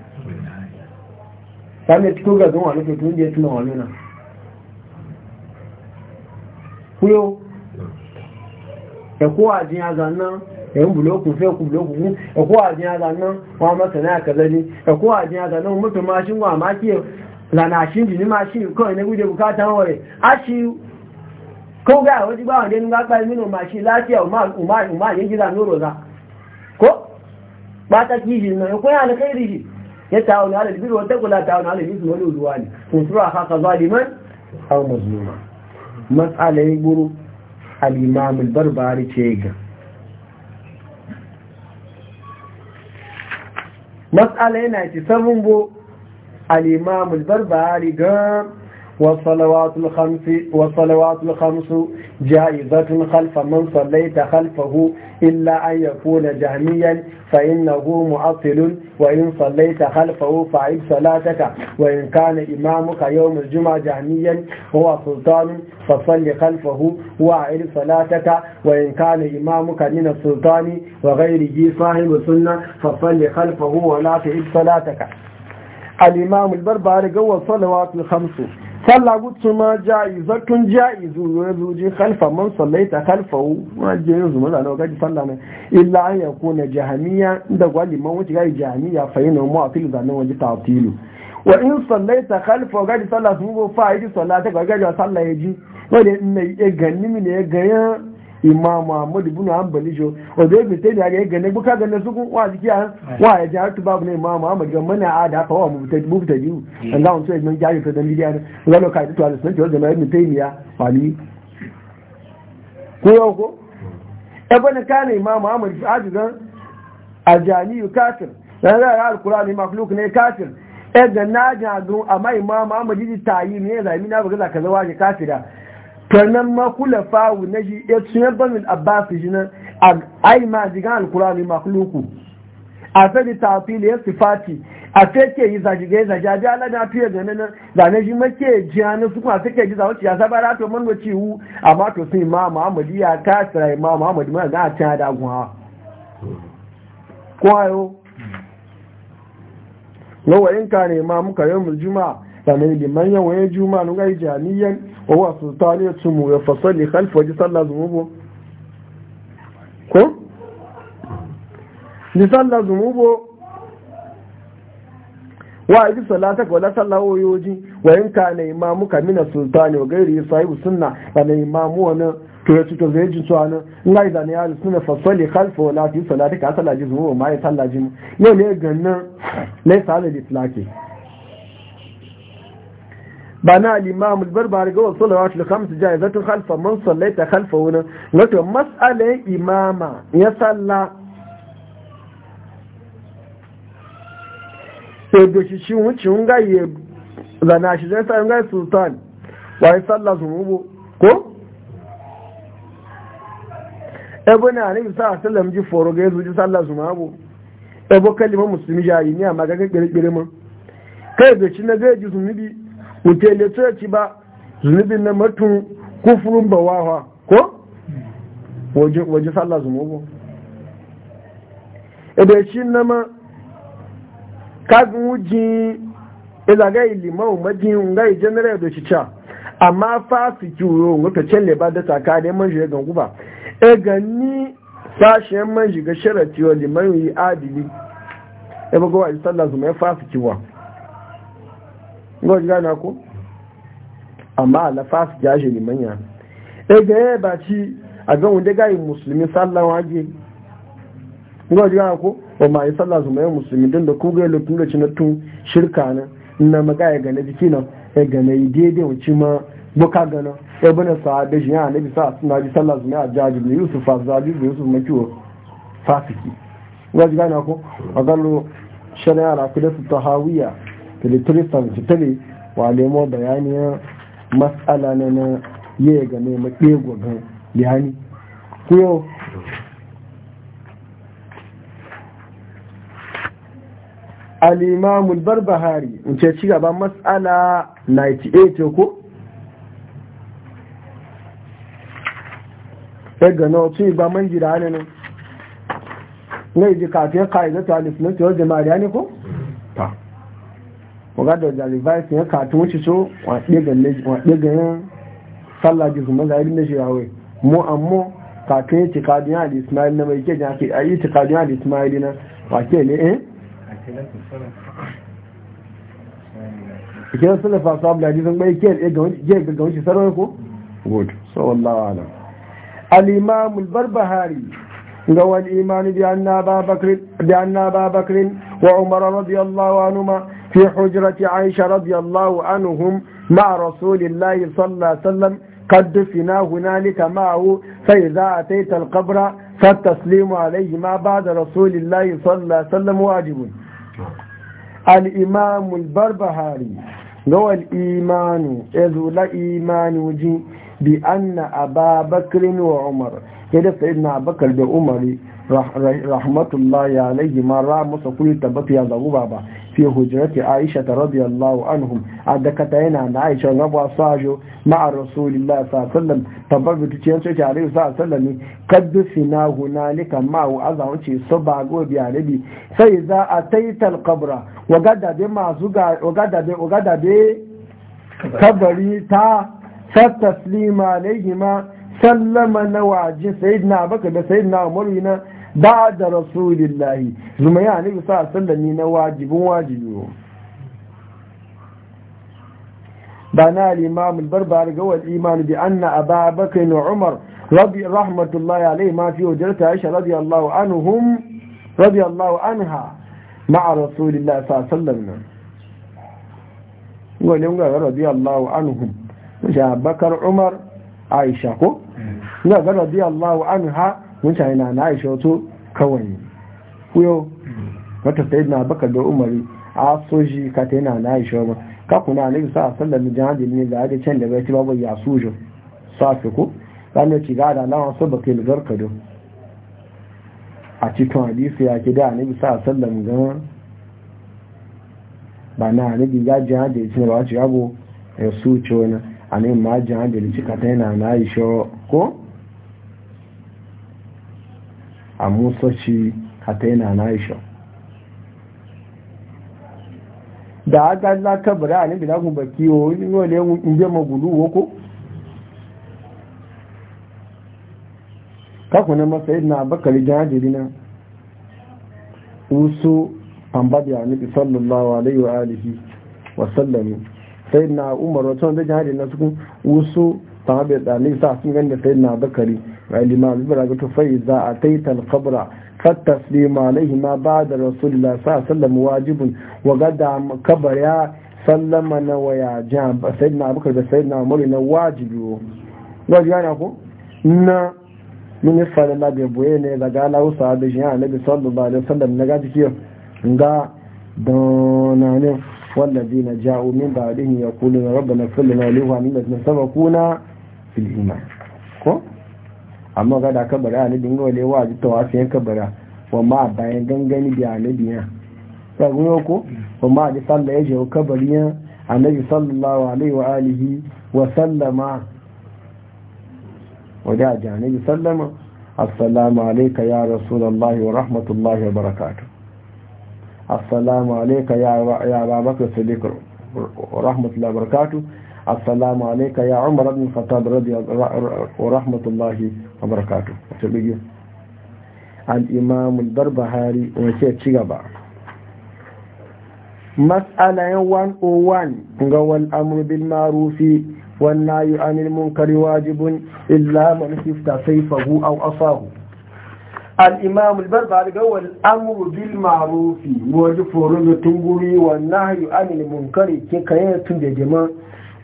sami cikin gazin wani ke tun da ya tuna wani nan kuyo Ya kowa jin ya zannan yan buloku fe ku buloku ku e ko ajin ala nan wa ma sana ka zani e ko ajin ala nan mutu mashin wa ma ki la na shin bukata wore ashi ko ga wani ba wanda ga ba mino mashin ko ya ala ala barbari ce ga matsala yana ci sabon bo al'imamul barbari ga والصلوات الخمس والصلوات الخمس جائزة خلف من صليت خلفه إلا أن يكون جهميا فإنه معطل وإن صليت خلفه فعد صلاتك وإن كان إمامك يوم الجمعة جهميا هو سلطان فصل خلفه وعد صلاتك وإن كان إمامك من السلطان وغيره صاحب السنة فصل خلفه ولا تعد صلاتك الإمام البربري جو صلوات الخمس صلى قد ثم جائز كن جائز ويزوجي خلف من صليت خلفه ما جائز من أنا وقد صلى من إلا أن يكون جهنيا عند قال ما وجه جاي جهنيا فإن ما أطيل ذا نوج تعطيله وإن صليت خلفه قد صلى ثم فايد صلاته قد جاء صلى يجي ولا إن يجني من يجيان imam muhammad bin hanbali jo o zai bi sai da ya gane buka gane su kun wa jiki an wa ya ji babu ne imam muhammad ga mana a da fa wa mu ta biyu an ga wancan ibn jari ta dan bidiya ga lokaci to alisan jo zama ibn taymiya fali ko yau ko e bane kana imam muhammad fi ajidan ajani kafir dan da alqur'ani makhluk ne kafir e ga na jago amma imam muhammad ji tayi ne zai mina ba ga kaza wa ji kafira kanan ma kula fawu na shi ya tsuye banin abbasu shi nan ai ma jigan alkurani makuluku a fadi tafili ya sifati a fake yi zajiga ya zaji aji ala na fiye ganin nan da na shi make hannun su kuma suke ji zawaci ya sabara to man wace wu amma to sun ma muhammadu ya kasira ma muhammadu mana na cin da hawa kwayo lawa in ka ne ma muka yi mu juma'a sannan liman yawan juma'a nuna yi jami'an wa sultani ya cimu ya fasali halfa waje sallah zumubu ko? ni sallah zumubu wa yi salata ka wala sallah wayoji wa in ka na imamu ka mina sultani wa gairi sahibu sunna ka na imamu wani to ya cuta zai jin tsohon in ga izani ya suna fasali halfa wala fi salata ka sallah ji zumubu ma ya sallah mu yau ne gannan laisa da dislake بنا الإمام البربر قول صلوات الخمس جائزة خلف من صليت خلفه هنا مسألة إمامة يصلى يدوشي شيء شنغا zana shi zai sa ngai sultan wai sallah zumubu ko ebo na ne sa sallam ji foro ga zuji sallah zumubu ebo kalimar musulmi jari ne amma ga kirkire mun kai shi zai ji zumubi wuce ne tsoci ba zunubin na matun kufurin bawawa ko waje sallah zunubu ebe shi na ma kagin wuji ilaga ilimau majin ga general da shi ca amma fa su kiwo wata celle leba da tsakanin man shiga guba e gani sashen man shiga sharati wa liman yi adili ebe gowa sallah zunubu ya fa su kiwa ngoji gana ku amma alafa su jaje limanya ga ya ba ci a ga wanda gayi musulmi sallan waje ngoji gana ku ma yi sallah zuma musulmi don da kuga yalo tun ci na tun shirka na na na jiki na ya e ga na yi daidai ma gana bane sa da sallah zuma a jaje ne yusuf a da yusuf makiwa fasiki shari'a filitristan fitali wa nemo bayaniyar matsala na na yi ga ne ɗego ga lihani kuyo al'imamun barbahari in ce ci gaba matsala 98 ko? ɗaga na otu igba man jira ne ne na iji kafin ka'idata alifinatu wajen da ne ko? waga da jalibai sun ya katon wuce so waɗe ganin sallah ji su mazari na shirawai mu amma katon ya tikadun ya da ismail na mai ke jan ake ayi tikadun ya da ismail na wake ne eh Ake kiran suna fasa abu da jizon bai kiyar eh, ga wuce sarwar ko? good so wallawa alam al-imamul barbahari ga imanu bi anna ba bakirin wa umar radiyallahu anuma في حجرة عائشة رضي الله عنهم مع رسول الله صلى الله عليه وسلم قد دفنا هنالك معه فإذا أتيت القبر فالتسليم عليه ما بعد رسول الله صلى الله عليه وسلم واجب الإمام البربهاري هو الإيمان إذ لا إيمان بأن أبا بكر وعمر sai da sayi na abakar da umari rahmatullahi alaihi ma ra musa kuli tabbatu ya zagu baba fi hujrati aisha ta radiyallahu anhum a dakata yana na aisha na ba sajo ma'a rasulillah sallam tabbatu ta ciyar soke alaihi sallam kaddu sina hunalika ma wa azawun ce su ba gobe a nabi sai za a taitar kabra wa gadabe masu ga kabari ta sattas lima ma. sallama na waje na baka da na umar na ba da rasulillahi zuma ya ne bisa sallami na wajibin wajibi ne ba na al'imam albarbar ga wal iman bi an na anna aba na umar rabi rahmatullahi alai ma fi wajarta aisha radiyallahu an radiyallahu anha مع رسول الله صلى الله عليه وسلم وقال يوم قال an الله عنهم جاء bakar umar. aisha ko ina hmm. ga radiyallahu anha mutane na na aisha wato kawai kuyo hmm. wata sai na baka da umari a soji ka ta yana na aisha ba ka kuna ne sa sallallahu jihadi ne da ake can da bai ci babu ya sujo safi ko ne ci ga da lawan so baka yi garkado a cikin hadisi ya ki da ne sa sallallahu ga ba na ne ga jihadi ne ba ci babu ya sujo na a ne majin hajjali cika ta yana na isho sho ko a musoci ka ta na yi sho da aka laka bari a nabi lagun baki o wani wani inje magulu woko kakunan masayi na bakari jihajiri na uso an babi a nabi sallallahu alaihi wa alihi wasallam sai umar wata wanda jihar da nasu wasu ta haɗe da ne sa sun gani da sai na bakari a ilima zubar da ta fai za a taitar kabra fata slima laihi ma ba da rasulullah sa sallama wajibin wa gada kabar ya sallama na waya jihar ba sai na bakar da sai na mori na wajibi wo gaji na ko na min ya fara na bai boye ne da gala wasu abin jihar na bi sallama da sallama na gaji kiyar nga ne. والذين جاءوا من بعدهم يقولون ربنا اغفر لنا ولإخواننا سبقونا في الإيمان ko amma ga da kabara ne dinga wale wa ji tawasiyan kabara wa ma bayan gangani bi annabi ya sago ko wa ma ji sallah ya je kabari ya annabi sallallahu wa alihi wa sallama wa da ji wa rahmatullahi wa assalamu alaika ya babakar sadiq rahmatullahi barakatu assalamu alaika ya umar ibn khattab rahmatullahi barakatu ta biyu al-imam al-barbahari wace ci gaba mas'ala 101 ga wal amru bil ma'rufi wan nahyu anil munkari wajibun illa man khifta sayfahu aw asahu الإمام البربر قال الأمر بالمعروف وجفر تنبري والنهي عن المنكر كيكاية جماعة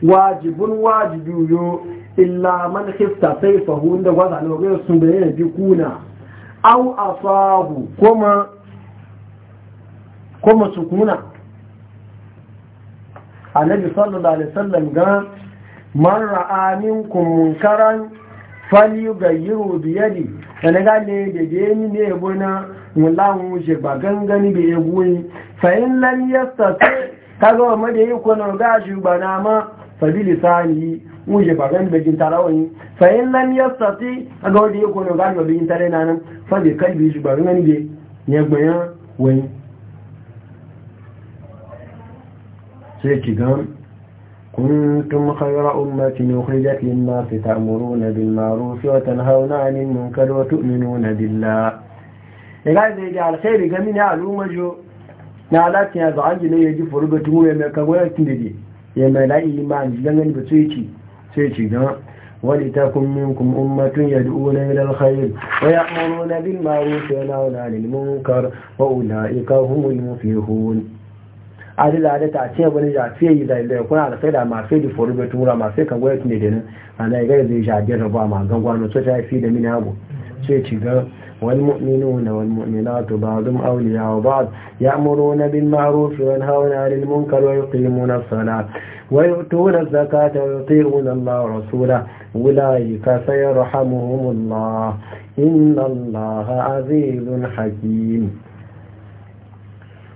واجب واجب يو إلا من خفت سيفه عند وضع الوغير سندية بيكونا أو أصاب كما كما سكونا النبي صلى الله عليه وسلم قال من رأى منكم منكرا فليغيروا بيده kanaga ne da gani ne ya na mulamu shi ba gangani da yabo yi fa'in lam yasta sai kaga wa mada yi kwana ga ba na ma sabili sani wuce ba gani bejin tarawa yi fa'in lam yasta ta kaga wada yi kwana ga shi ba bejin tare na nan fabi kalbi shi ba gangani da ya gbaya wani sai ki gan كنتم خير أمة أخرجت للناس تأمرون بالمعروف وتنهون عن المنكر وتؤمنون بالله إذا جاء الخير جميل يا علوم جو نالات يا زعج لا يجي فرقة مو يا مكوية تندي يا ملا إيمان جنن بسويتي سويتي جنا ولتكن منكم أمة يدعون إلى الخير ويأمرون بالمعروف وينهون عن المنكر وأولئك هم المفلحون adila da ta ce wani fiye yi zai zai kuna da sai da mafi da foru bai tura mafi kan gwaya tunai da nan a na gari zai jaje raba ma gangwano to ta fiye da mini abu sai ci ga wani mu'minu na wani mu'mina to ba zum auliya wa ba ya amuru na bin ma'ruf wa hauna lil munkar wa yuqimuna as-salat wa yu'tuna az-zakata wa yuti'una Allah wa rasula ulaika sayarhamuhumullah inna Allah azizun hakim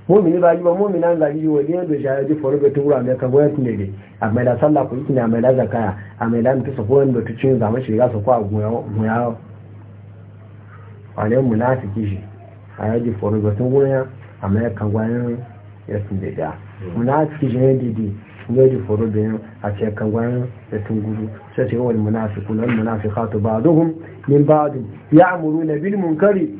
mumini ba yi ba mumina ga yi wani yadda shi yaji faru bai tura mai ka goyon tun daidai a mai da sallah ku yi a mai da zakaya a mai da mutu su goyon da tu cin zama shiga goya kwa muyawo wani munafiki shi a yaji faru bai tun goyon a mai ka goyon ya tun daidai munafiki shi ne didi yaji faru bai a ce ka goyon ya tun gudu sai ce wani na munafiki wani munafikatu ba duhun min ba'adu ya amuru na bil munkari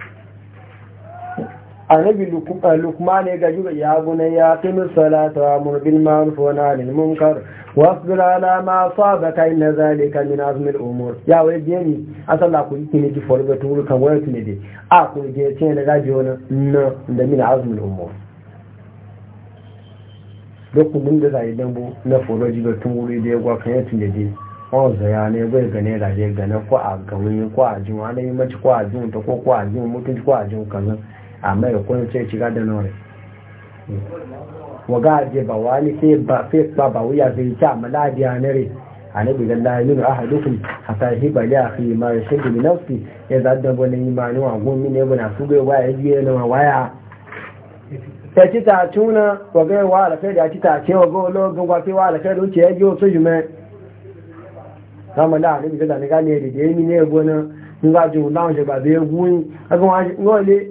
annabi lukman eh, ya gaji ga yaguna ya kinu salata wa murbil ma'ruf wa nahi munkar wasu ala ma sabaka inna ka min azmi al umar ya wai je ni sanda ku yi kini ji forga turu kan wani ne dai a ku je ce na gaji wani na da min azumin umar. umur duk mun da zai yi dambu na forga ji ga turu da ya gwa kan yatin da dai wọn zaya ne bai gane zai gane ko a gawin ko a jin wani mace ko a jin ta ko ko a jin mutunci ko a jin kazan amma ya kone ce shiga da nore waga aje ba wani sai ba sai ba ba wuya sai ta maladi anare annabi sallallahu alaihi wa ahadukum hatta hiba li akhi ma yashud na nafsi ya zadda bone imani a gumi ne bana su bai waya yi ne waya ta ci ta tuna waga wa alkai da ci ta ce waga logan wa sai wa alkai da ce ya ji so jume kama da annabi sallallahu alaihi wa ahadukum ne da ne gona in ga ji wannan shi ba zai guni kaga wani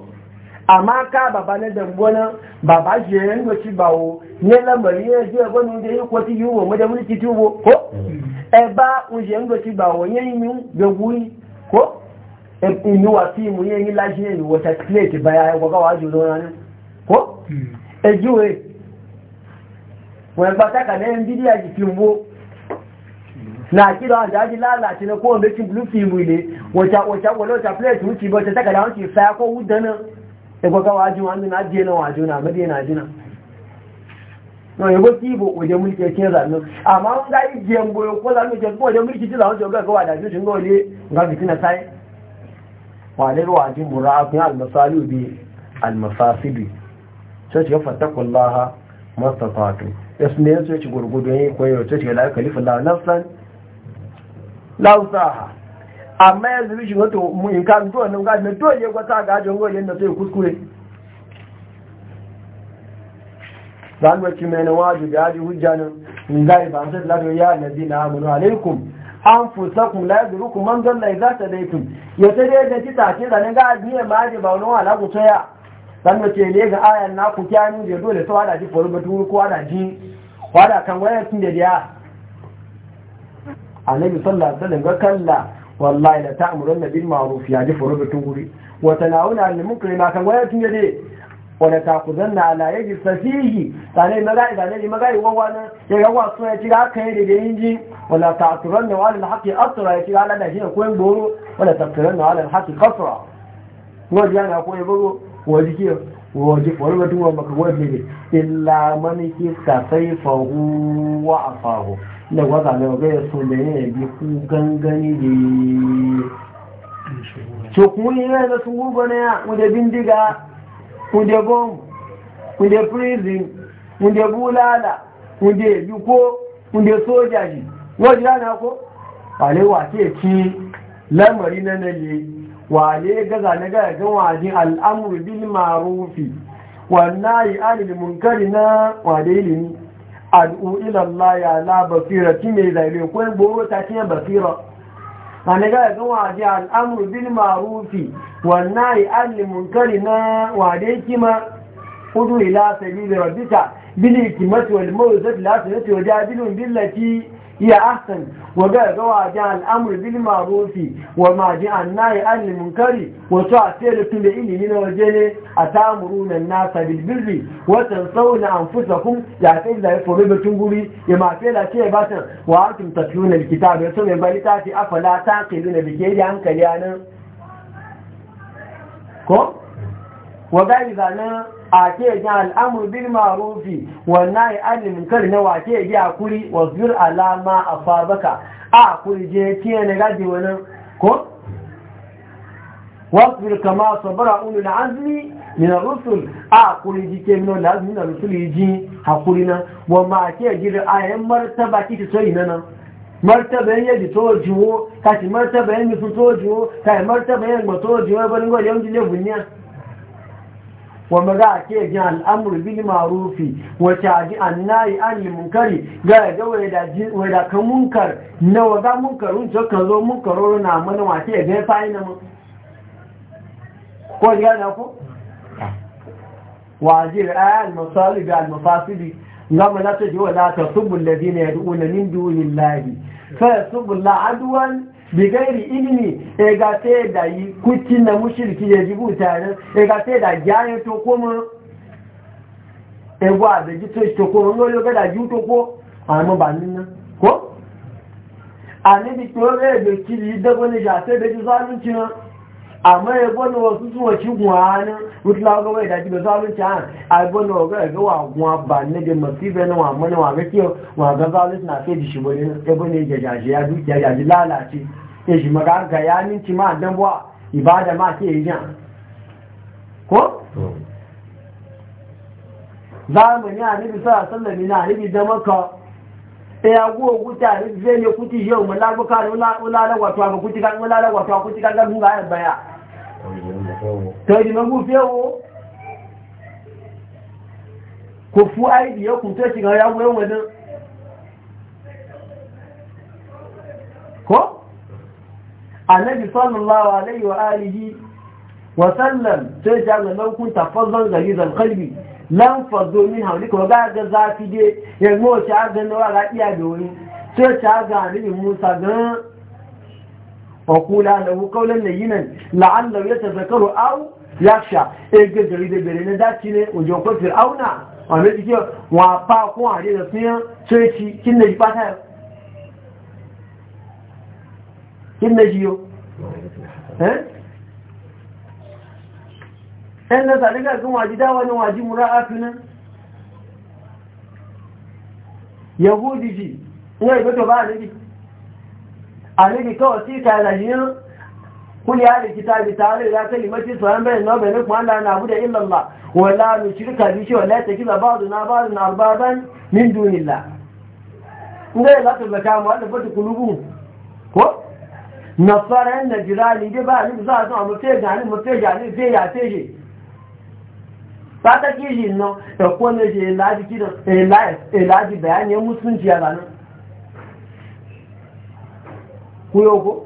amma ka baba na dangona baba shi ya yanzu ci bawo ne lambari ya ji ẹgbẹ́ ní ilé ikọ̀ tí yíò mọ́jẹ́ mú ti túbò kó ẹba oúnjẹ ń gbẹ̀tí bàwọ̀ yẹ́ inú gbogbo yìí kó inú wà sí ìmú yẹ́ yí láṣí ẹ̀yìn wọ̀tà plate báyà ẹgbọ́gáwà jù lọ́ra ní kó ẹjúwe wọ̀n pàtàkì náà ń bídí àjì fi mú na kira wanda aji lalace na kowane bikin blue film ne wacce wacce wacce plate wuce ba ta takada wuce saya ko wudanin ẹgbọ́ ka ájú wọn nínú ájú ẹ̀nà àjò náà mẹ́dí ẹ̀nà àjò náà wọ́n yóò tí ìbò òjò múlìkì ẹ̀kí ẹ̀rà náà àmá ń dá ìjẹ ń bọ̀ ọ̀pọ̀ lánàá ìjẹ fún òjò múlìkì tí làwọn jọ gbẹ̀kọ́ wà dájú ṣùgbọ́n olè nǹkan fìtí na sáyé wà lérò àjú mùra akun almasali bi almafasibi church ya fatakun laha mastafatu ya su ne church gurgudu ya yi koyo church ya lafi kalifin lafi nafsan lausaha amma yanzu bishi wato mu in ka to wannan ga ne to ko ta ga jon goyen da sai kuskure dan wacce mai na waju ga ji hujja nan min ga ba sai la ya na amanu alaikum anfusakum la yadurukum man dalla idza tadaytum ya tare da ci tace da nan ga ni ma ji ba wani ala ku tsaya dan wacce ne ga ayan na ku kyanu je dole to ada ji foru baturu ko ada ji wada kan waya tun da ya annabi sallallahu alaihi wasallam ga kalla والله لا تأمرن بالمعروف يا دي فرب تنغري وتناولا عن المنكر ما كان ويكن يدي ولا تاخذن على يد السفيه قال ما قال قال لي ما قال هو وانا يا هو اصلا يجي هكا يدي ينجي ولا تعترن على الحق اطرا يجي على ده هي كوين بورو ولا تقترن على الحق قصرا ودي انا اخوي بورو ودي كيف ودي فرب تنغري ما كان ويكن يدي الا من كيف كسيفه وعصاه na waza na waga so da ya bi ku gangani da so kun yi yana sun gugu na ya kude bindiga kude bom kude prison kude bulala kude yuko kude soja shi wajen yana ko wale wace ci lamari na nale wale gaza na gaya gan wajen al'amur bil marufi wannan yi alil kari na wale ilimi ad'u ila Allah ya la basira ti me zai le ko goro ta ti basira ane ga ga wa ji al'amru bil ma'rufi wan nahi anil na wa de kima udu ila sabili rabbika bil hikmati wal mawzati la tunati wa jadilun billati Iya ahsan wa gagawa ji al’amur bil marufi wa ma ji an na yi alli munkari a telefin da ilimi na waje ne a tamuru nasa bilbirri watan Sauna an fusa kun ya ta ila yafo tun guri ya ma fi lafi ya bata wa harkin tafiyo na likita da yasa mai bari ta fi afala ta ke nuna da ke yi hankali a nan ko a ce ya al'amur bil ma'rufi wannan ya ajin munkar na wa ce a kuri wasbir alama a fabaka a kuri je ce na gaji wani ko wasbir kama sabara ulul azmi min ar-rusul a kuri ji ke min lazmi min ar-rusul ji hakuri na wa ma ce ji da ayan martaba ki ta sai nan martaba yan ji to juwo kashi martaba yan mi to juwo kai martaba yan ma to juwo ban go yan ji le bunya wanda za a ke jin al'amur bil marufi wace ji, an nayi an munkari ga ya ga wadda ka munkar na waga munkarun ce ka zo munkaro na mana wace ya gaya fayi na mu ko ya na ku? wajir al masali ga al mafasili ga mana ta ji zina ya duk wani min dunillahi fa yasubbu subun la'aduwan bigairi ilimi e ga sai da yi kucin na mushirki da jibu tare e ga sai da gyaran to kuma e gwa da ji to ko ngo lo ga da ju to ko amma ba nin nan ko ani bi to re da kili da gone ja sai da ji zalunci na amma e gone wasu su wa ci gwana mutla ga wai da ji da zalunci an a gone ga ga wa gwa ba ne da masibe na wa mana wa ga kiyo wa ga zalunci na sai ji shi bane e gone ja ja ya dukiya ya ji lalace ya shi magaga ya minci ma dabuwa ibada ma ke yi jan ko? zamani a nabi sa sallami na nabi da maka e, ya go guta zai ne kuti yau mu labuka ulala wato ga kuti kan ulala wato kuti kan ga ga baya to yi mangu fewo ko fu ai di yo kunto shi ga ya go wadan ko annabi sallallahu alaihi wa alihi wa sallam sai ya ga nan kun tafazzan galizan qalbi lan fazzo min hawli ko ga ga zafi de ya mo ta ga nawa ga iya da wani sai ta ga annabi Musa ga وقولا له قولا لينا لعله يتذكر او yaksha ege gari da gari na dace ne wajen kwafir auna a mai jike wa fa ko a da sun sai ki kin da ji kin na jiyo eh? ɗan na sadaka kan waji dawa na waji mura'atu nan yahudi ji ina yi bato ba a nabi a nabi kawai sai ka lajiyar kuli ya da kitabi tare da kalimacin su an bayan nobe nufin Allah na abu da illallah wala mu shirka bi shi wala ta kiza ba'du min ya zaka zaka mu nasara yan najirani dai ba ni za a zo a mutai gani mutai gani zai ya teje ba ta ke shi nan da kone shi musulunci ya zanen ku yau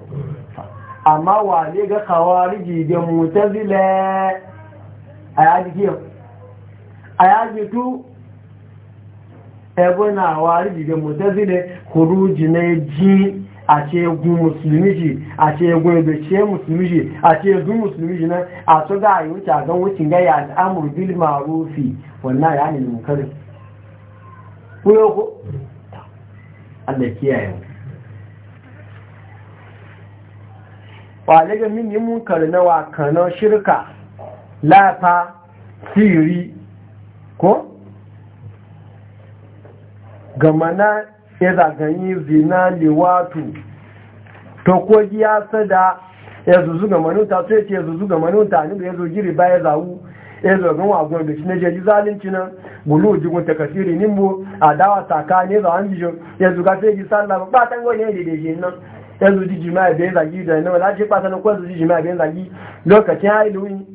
amma wale ga kawariji da mutazile a yaji kiyan a yaji tu na a ce gun musulmi ji a ce gun ibace musulmi ji a ce gun musulmi ji nan a to ga yi wuce a zan wucin gaya al'amur bil marufi wannan ya ne munkarin ku ko Allah kiyaye mu walaga min yi munkar na wa? Kana shirka lafa siri ko Gama na. ya zagayi zina liwatu to ko ya sada ya zuzu ga manuta sai ce ya zuzu ga manuta ni da ya zo giri ba ya zawu ya zo ga wagon da shi na jeji zalunci nan bulu jigun ta kasiri nimbo a dawa saka ne za an jijo ya zuga sai ji sallah ba tan wani ne da shi nan ya zo ji jima'a bai zagi da nan wala ce ba sanin ko zo ji jima'a bai zagi lokacin ha hailuwi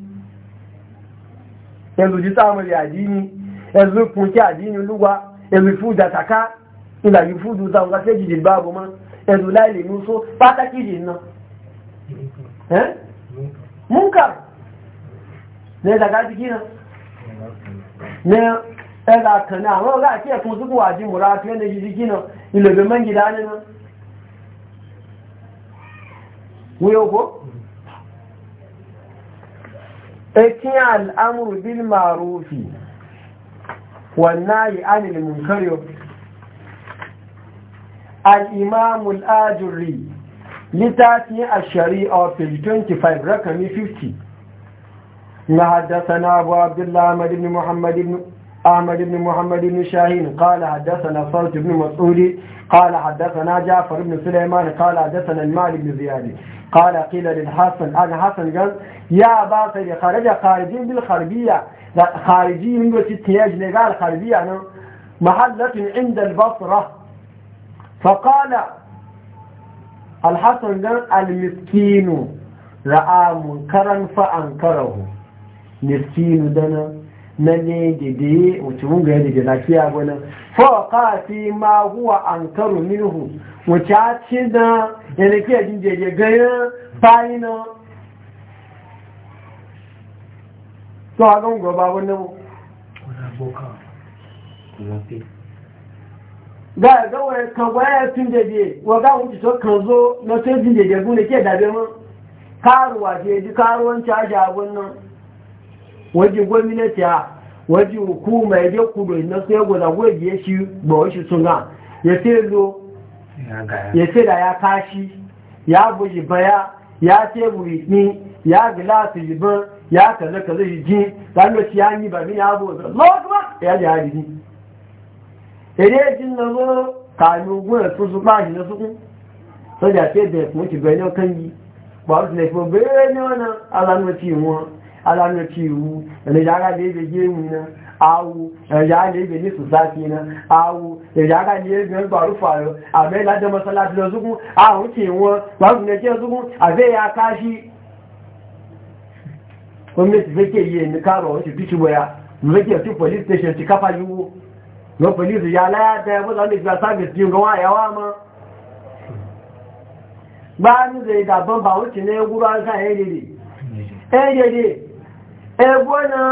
ya zo ji tsamar ya dini ya zo kunki adini luwa, ya zo fu da saka ìlà yìí fúdù sáwọn nǹkan ṣé jìjì bá àbò ẹ̀rù láì lè mú só pátákì jì ná. múnkà ní ẹ̀dà gáàjì kí náà ẹ̀dà kan àwọn ọ̀gá àti ẹ̀kún tó kù wà jí múra kí ẹ̀dà jìjì kí náà ìlòbẹ̀ mẹ́jì dání náà. wúyẹ wannan yi anil munkari الإمام الآجري لتاتي الشريعة في 25 رقم 50 حدثنا أبو عبد الله أحمد بن محمد بن أحمد بن محمد بن شاهين قال حدثنا صوت بن مسعود قال حدثنا جعفر بن سليمان قال حدثنا المال بن زياد قال قيل للحسن أنا حسن قال يا أبا سيد خرج خارجي بالخربية خارجي من وسط تياج لقال خربية محلة عند البصرة فقال الحسن قال المسكين راى منكرا فانكره مسكين دنا نني دي وتمون غير دي لاكيا ولا فوقع في ما هو انكر منه وتعتشدا يعني كي دي جي غير باينا سواء قوم قبا ونبو ونبوكا ga ga wai kan waya tun da biye wa ga wuce so kan zo na sai jin da jagu ne ke da be mun karuwa ce, ji karuwan caji a nan Wajen gwamnati a waje hukuma ya je kudo na sai goda goji ya shi ba wa shi sun suna ya sai lo ya sai da ya kashi ya buji baya ya sai buri ni ya gilasi jiban ya kaza kaza ji ranar shi ya yi ba mini abu da lawa kuma ya ji hadisi Ere ti na mo ka ni ogun e tun sun pa ni sukun. So ja ti gbe ni kan yi. ti won. Ala no ti wu. Ele ja ga de be je mi na. Awu, ẹ̀yà lè bè ní sùsáàtì iná, awu, ẹ̀yà ká ní ẹgbẹ̀rún gbàrú fààrọ̀, àbẹ́ ìlàjọ mọ́sálásí lọ súnkún, àrùn tí wọ́n, gbàrùn ní ẹjẹ́ ya káṣí. Omi ti fẹ́ kí èyí ẹni káàrọ̀ ó ti wọ́n pẹ̀lú ìsìyà da ẹgbọ́ta lè gbà sáàbìsì yìí gan àyàwó àmọ́ bá ń wuce na bà ó ti ní egúrú ánsá ẹ̀yẹ̀dẹ̀ ẹ̀yẹ̀dẹ̀ ẹgbọ́ náà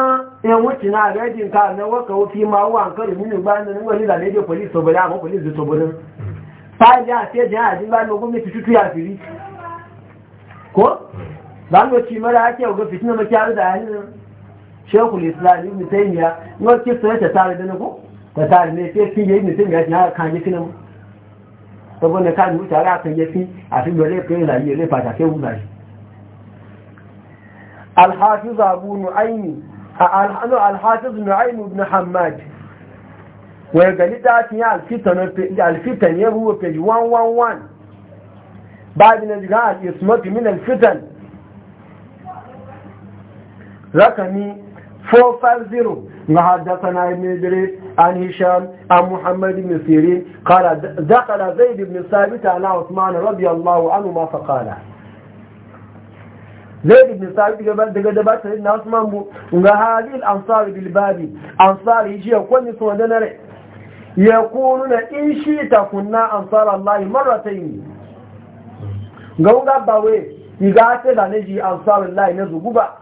ẹ̀wọ́n ti náà rẹ̀ di nǹkan àmẹ́wọ́ kan ó fi máa da nǹkan ìmúnú gbá police nígbà nígbà lédè pẹ̀lú ìsọ̀bọ̀lá àwọn pẹ̀lú ìsọ̀bọ̀lá páàdì àti ẹ̀jẹ̀ àdínlá ní ogún méjì tútù àfìrí kó bá ń lọ sí mẹ́ra ákẹ́ ògùn fìtínà mẹ́kí àrùdà yẹn ṣẹ́kùn ìsìlá ní ìgbìtẹ́yìn ya wọ́n kí sọ ẹ̀ṣẹ̀ sáré dénú ko. da tare ne sai fi yayi mutum ya shiga kan yi kinan saboda kan mutu ara kan yi fi a fi bare kai da yi refa ta sai wuza shi al-hafiz abu nu'aymi al-hafiz nu'aym ibn hammad wa ya gani ta tiya al-fitan al-fitan ya ruwa page 111 بعد نجاح الاسمات من الفتن رقمي 450 حدثنا ابن ادريس عن هشام عن محمد بن سيرين قال دخل زيد بن ثابت على عثمان رضي الله عنهما فقال زيد بن ثابت قبل دقد بات سيدنا عثمان بو هذه الأنصار بالباب أنصار يجي يكون يسوى دنر يقولون إن شئت كنا أنصار الله مرتين قولا باوي إذا أتدى نجي أنصار الله نزقوا ba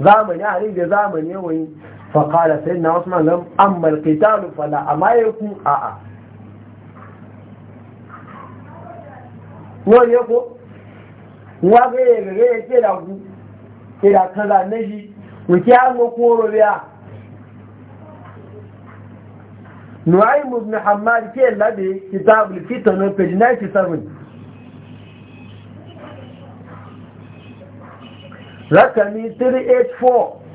zamani a da zamani yawai فقال سيدنا عثمان لهم أما القتال فلا أما يكون آآ wọ́n yẹ́ kó wọ́n gẹ́gẹ́ gẹ́gẹ́ kéda kú kéda kanza méjì wọ́n kí oró bí a nùháyí mùsùlùmí hamad kí è lábẹ́ kìtàbù fìtànà page 97 rákàní 384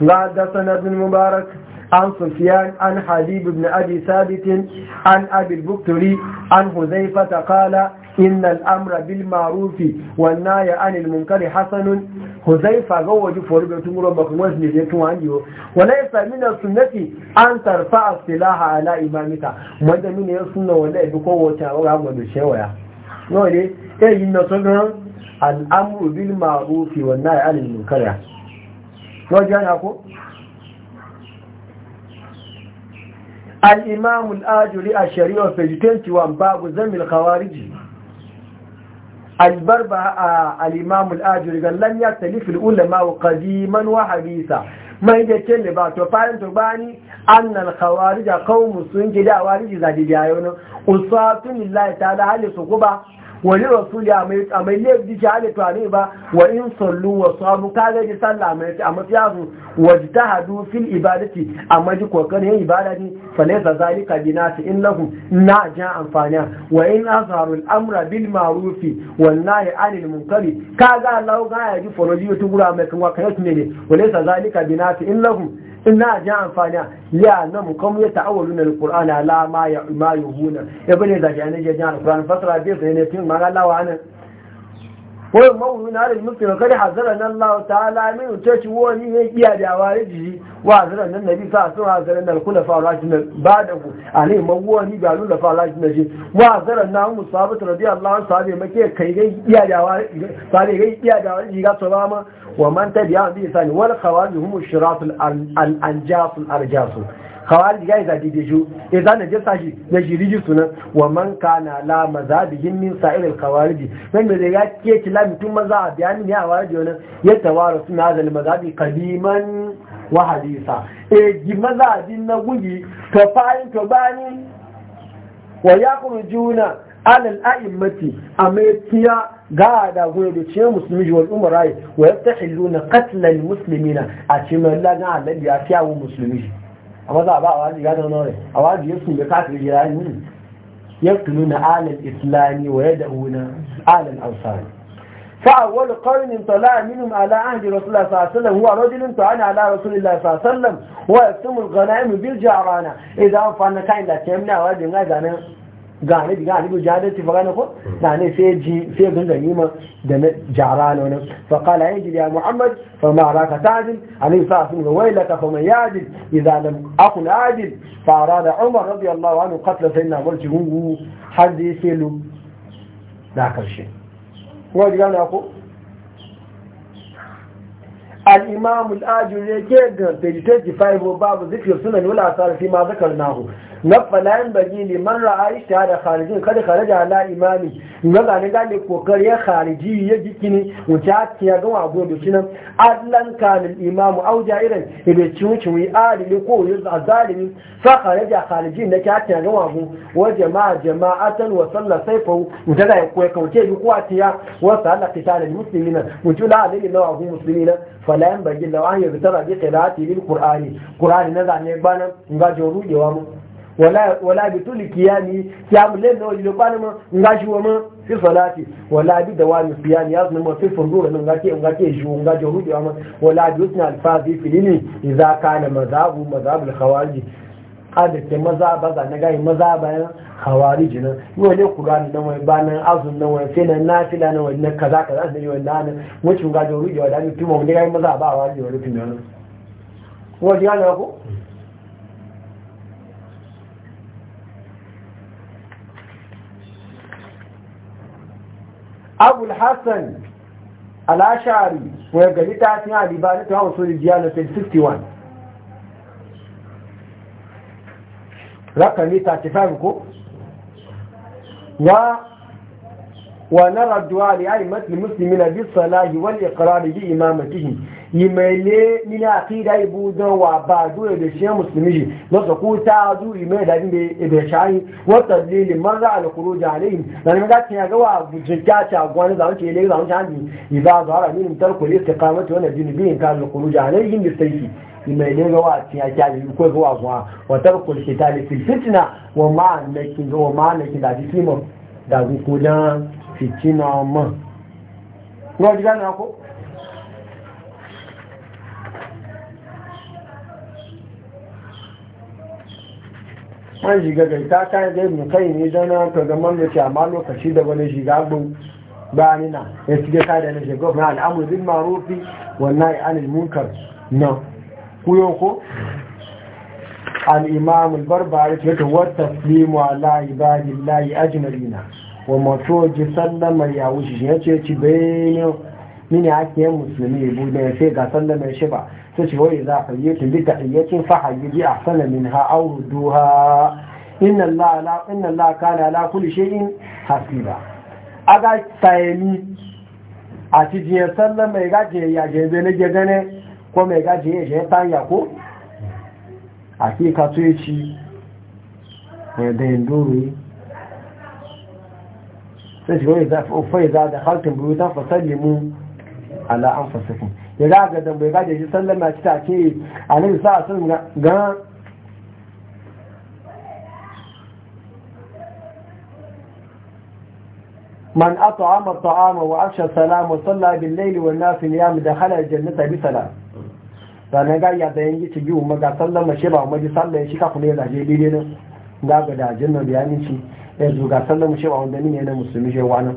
حدثنا ابن المبارك عن سفيان عن حبيب بن أبي ثابت عن أبي البكتري عن هزيفة قال إن الأمر بالمعروف والناية عن المنكر حسن حذيفة زوج فرقة مربك وزن يكون عنده وليس من السنة أن ترفع السلاح على إمامك ماذا من السنة ولا يبقوا عمد الشوية نقول إيه إن الأمر بالمعروف والناية عن المنكر حسن wajen ako al’imam a shari'ar fejitenti wa babu zamil khawariji albar ba a al’imam al’ajuri gallon ya talifi ulama wa kaziman wa harisa mai da kele ba to fayin turbani annal khawarija kawun musulun gida wariji zadi biya yau ne usatun lalata da halittu guba wani rasuli a mai laifin shi halittu a ba wa in sallu wa samu ka gaji sallah a matsayasu waje ta hadu fil ibadati a maji kokarin yin ibada ne falaisa zalika bi nasi in lahu na jan amfani wa in azharul amra bil ma'rufi wan nahi anil munkari ka ga Allah ga ya ji foroji to gura mai kan wa kai ne walaisa zalika bi nasi in lahu ina ji amfani ya nan kuma ya ta'awalu na alkur'ana Ala ma ya ma yuhuna ya bane da jani ya ji alkur'ana fasara bai sai ne tun magalawa nan wai mawuyi na da mulkin da kare hazara nan Allah ta min ta ci wani ne iya da wari jiji wa hazara nan nabi sa sun hazara nan kula fa rajin ba da ku alai mawuyi ga lula fa na? ji wa hazara nan musabit radiyallahu ta sahabe make kai dai iya da wari sahabe kai iya da wari ga so ma wa man tabi'a bi sani wal khawarij hum shirat al anjas al arjas kawari ya yi zaɓi da e, shi ya zana jasa shi da shi riji sunan wa man kana la mazabihin min sa'irar kawari nan da ya ke mutum maza a biya min a wari wani ya tawara suna zali mazabi kaliman wa hadisa e ji maza a na gugi to fayin to bani wa ya kuru juna alal a'immati a mai tiya ga da goye da ce musulmi wal umarai wa yaftahilluna qatla al muslimina a ce mai lagan alabi ya fiya musulmi فأول قرن طلع منهم على عهد رسول الله صلى الله عليه وسلم هو رجل طعن على رسول الله صلى الله عليه وسلم ويقسم الغنائم بالجعرانة إذا أنفعنا كان لا تيمنا وهذه غزانا gane diga ga ne ja da ko dane ne sai ji sai ga da nima da na jarano ne fa qala ya jidi ya muhammad fa ma raka tajil alai sa sun ga ka fa man yajil idza lam aqul ajil fa arada umar radiyallahu anhu qatla sayyidina burji gungu har da karshe ko diga karshe ko ji ga ko الإمام ke يجيب 35 babu zikr sunan wala asar fi ma zakarnahu نفلا ينبغي لمن رأى شهادة خارجي قد خرج على إمامي نظر نقال لكوكر يا خارجي يجيكني وجاءت يا جماعة بود شنو أدلا كان الإمام أو جائرا إذا تشوي آل لكو يزع الظالم فخرج خارجي نجات يا جماعة وجماعة جماعة وصلى سيفه وجدع يكويك وجاء يكواتيا وصلى قتال المسلمين وجلع عليه لو أبو مسلمين فلا ينبغي لو أن يبتلى بقراءته للقرآن قرآن نزع نقبانا نقاجه روجه ومو wala bi tuli kiyami kiyamu len no jilo mo ngashi wo mo fi salati wala bi dawami kiyami yazna mo fi furdu no ngati ngati ju ngajo wala bi usna fi lini kana madhabu khawarij ada ke maza ba na gai maza bayan khawarij nan yo ne qur'ani azun wai sai nafila wai kaza kaza wa da ni tumo ne gai maza wa ne wai rufin nan ji ko abul hassan alashari wa gari ta fi haliba ta hau sojin jiyar 61 rakami 35 ko wa wa narar duwa da ya yi musulmi na bisalahi wani ya ƙarar yi imamatihi yimele nina akida ibu don wa ba du ebe shi musulmi shi lọ́sọ̀ kú ta du ime da bi ebe shayi wata lili marra alkuru da alayhim da ne ga tiya ga wa bujin ta ta gwani da wuce ne ga wuce hanji iba zara min wa wa ma na ko man shiga gaita ta kai gai kai ne don nan ka ga man amma lokaci da wani shiga gun ba ni na ya shiga kai da na shiga gun al'amur bin marufi wannan ya anil na kuyo ko al'imam albarbari ta yata wata limu ala ibadillahi ajinalina wa mato ji sallama ya wuce shi ya ce ci bayanin mini ake yin musulmi bu da ce ga sallar mai shi ba su ce wani za a fayyatu bi tahiyyacin fahayyuji a sanar ha auru duha inna Allah kana ala kulli shay'in hasiba aga tayemi a cikin sallar mai gaje ya je be na je gane ko mai gaje ya je ta ya ko hakika to yaci ne da induri sai shi wani zafi ofai za da haltin buyutan fasallimu ala an ya za a ga zambai ba da shi sallar na cita ke a nan sa a sun gana man a ta'amar ta'ama wa ashar salama salla bin laili wa na ya mu da halar jannata bi salam ba na ga ya zayen yi cigi umar ga sallar mashi ba umar ji sallar ya shi kafin ya zaje daidai nan ga ga da jinnan bayanin shi ya zuga sallar mashi ba wanda ni ne na musulmi shi wa nan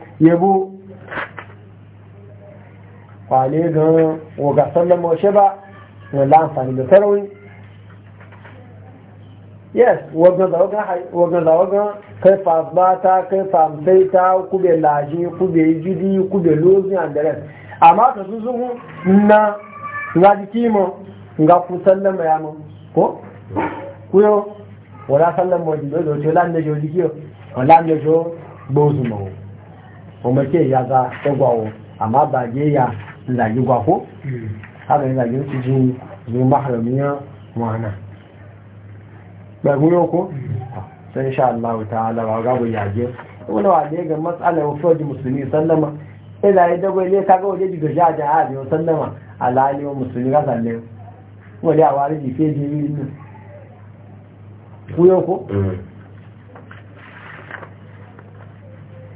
yabo kwale gan waga sallan moshe ba na lamfani da tarawin yes wagan zawagan kai fasbata kai famsaita kube laji kube jidi kube lozin and the rest amma ta su zuhu na nga jiki mu nga ku sallan mai amu ko kuyo wala sallan moshe ba zo ce lan da jo jiki wala da jo bozu mawu kuma ke ya za ta gwawo amma ba ge ya zagi gwako haka yi zagi su ji zuwa maharamiya wana ba guyo ko sai sha Allah ta'ala ba ga ya ge wani wa ne ga matsalar wasu musulmi sallama ila ya dagwai ne kaga waje jiga ja da hali wa sallama alali wa musulmi ga salle wani a wari jife jiri ne ko mm.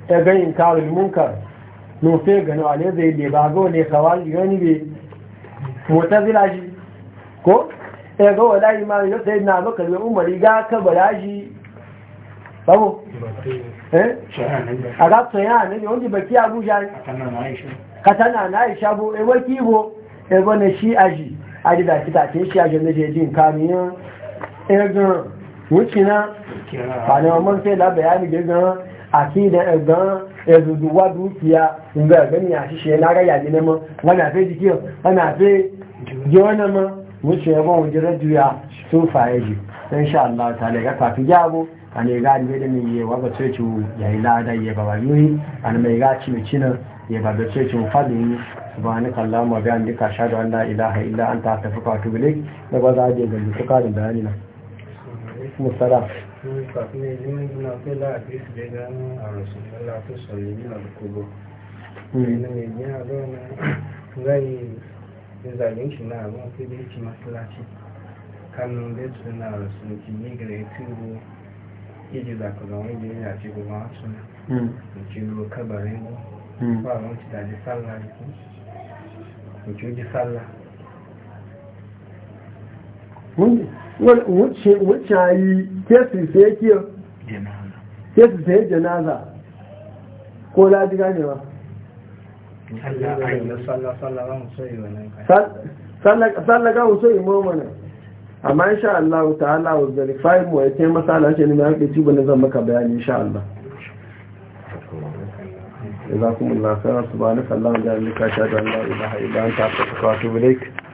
ta ga kawo munkar no sai ga ale zai le ba ga ne kawai gani be mutazila shi ko ya eh, ga wala ma yau sai na baka zai umari ga ka balaji babu eh a ga to ya ne wanda baki abuja katana na aisha bo e eh, waki bo e eh, gona shi aji aji da kita ce shi aji ne je jin kamiyan e wuce na ba ne mun sai da bayani ga akida ga ezuduwa dukiya ga gani ya shi shi na ga yaji ne mu wana fe jiki wana fe jona mu wuce ya bon wajira duya su faye ji insha Allah ta daga kafi jabo ane ga ni da ni ye wa ba ce ci ya ila da ye baba yuri an mai ga ci ci nan ye ba da ce ci fadin subhanaka allahumma bi annika ashhadu an la ilaha illa anta astaghfiruka wa atubu ilaik da ba za a je da duka da bayani na musala pàtàkì ilé mẹ́gbìnà pé láàbí ìgbéga ní àròsùn lọ́la tó sọ yìí ní àdúgbò nínú ìgbé àlọ́nà lẹ́yìn ìzàlẹ́kì náà wọ́n pé bí kí mọ́síláṣí kánú lẹ́tù ní àròsùn kì í gẹ̀rẹ́ tí wo ìjì làkọ̀lọ̀ wọn ìjì àti gbogbo wọn tún ìjì ro kábàárẹ̀ wọn fún àwọn ti dàdí sálà ìkú ìjì ó di sálà wuce yi kesi sai kiyo sai janaza ko ladi ganewa sallaka wuso imo mana amma insha Allah ta'ala wa verify mu ya kai masala shi ne mai hakki cibo ne zan maka bayani insha Allah جزاكم الله خيرا سبحانك اللهم وبحمدك اشهد ان لا اله الا انت استغفرك واتوب اليك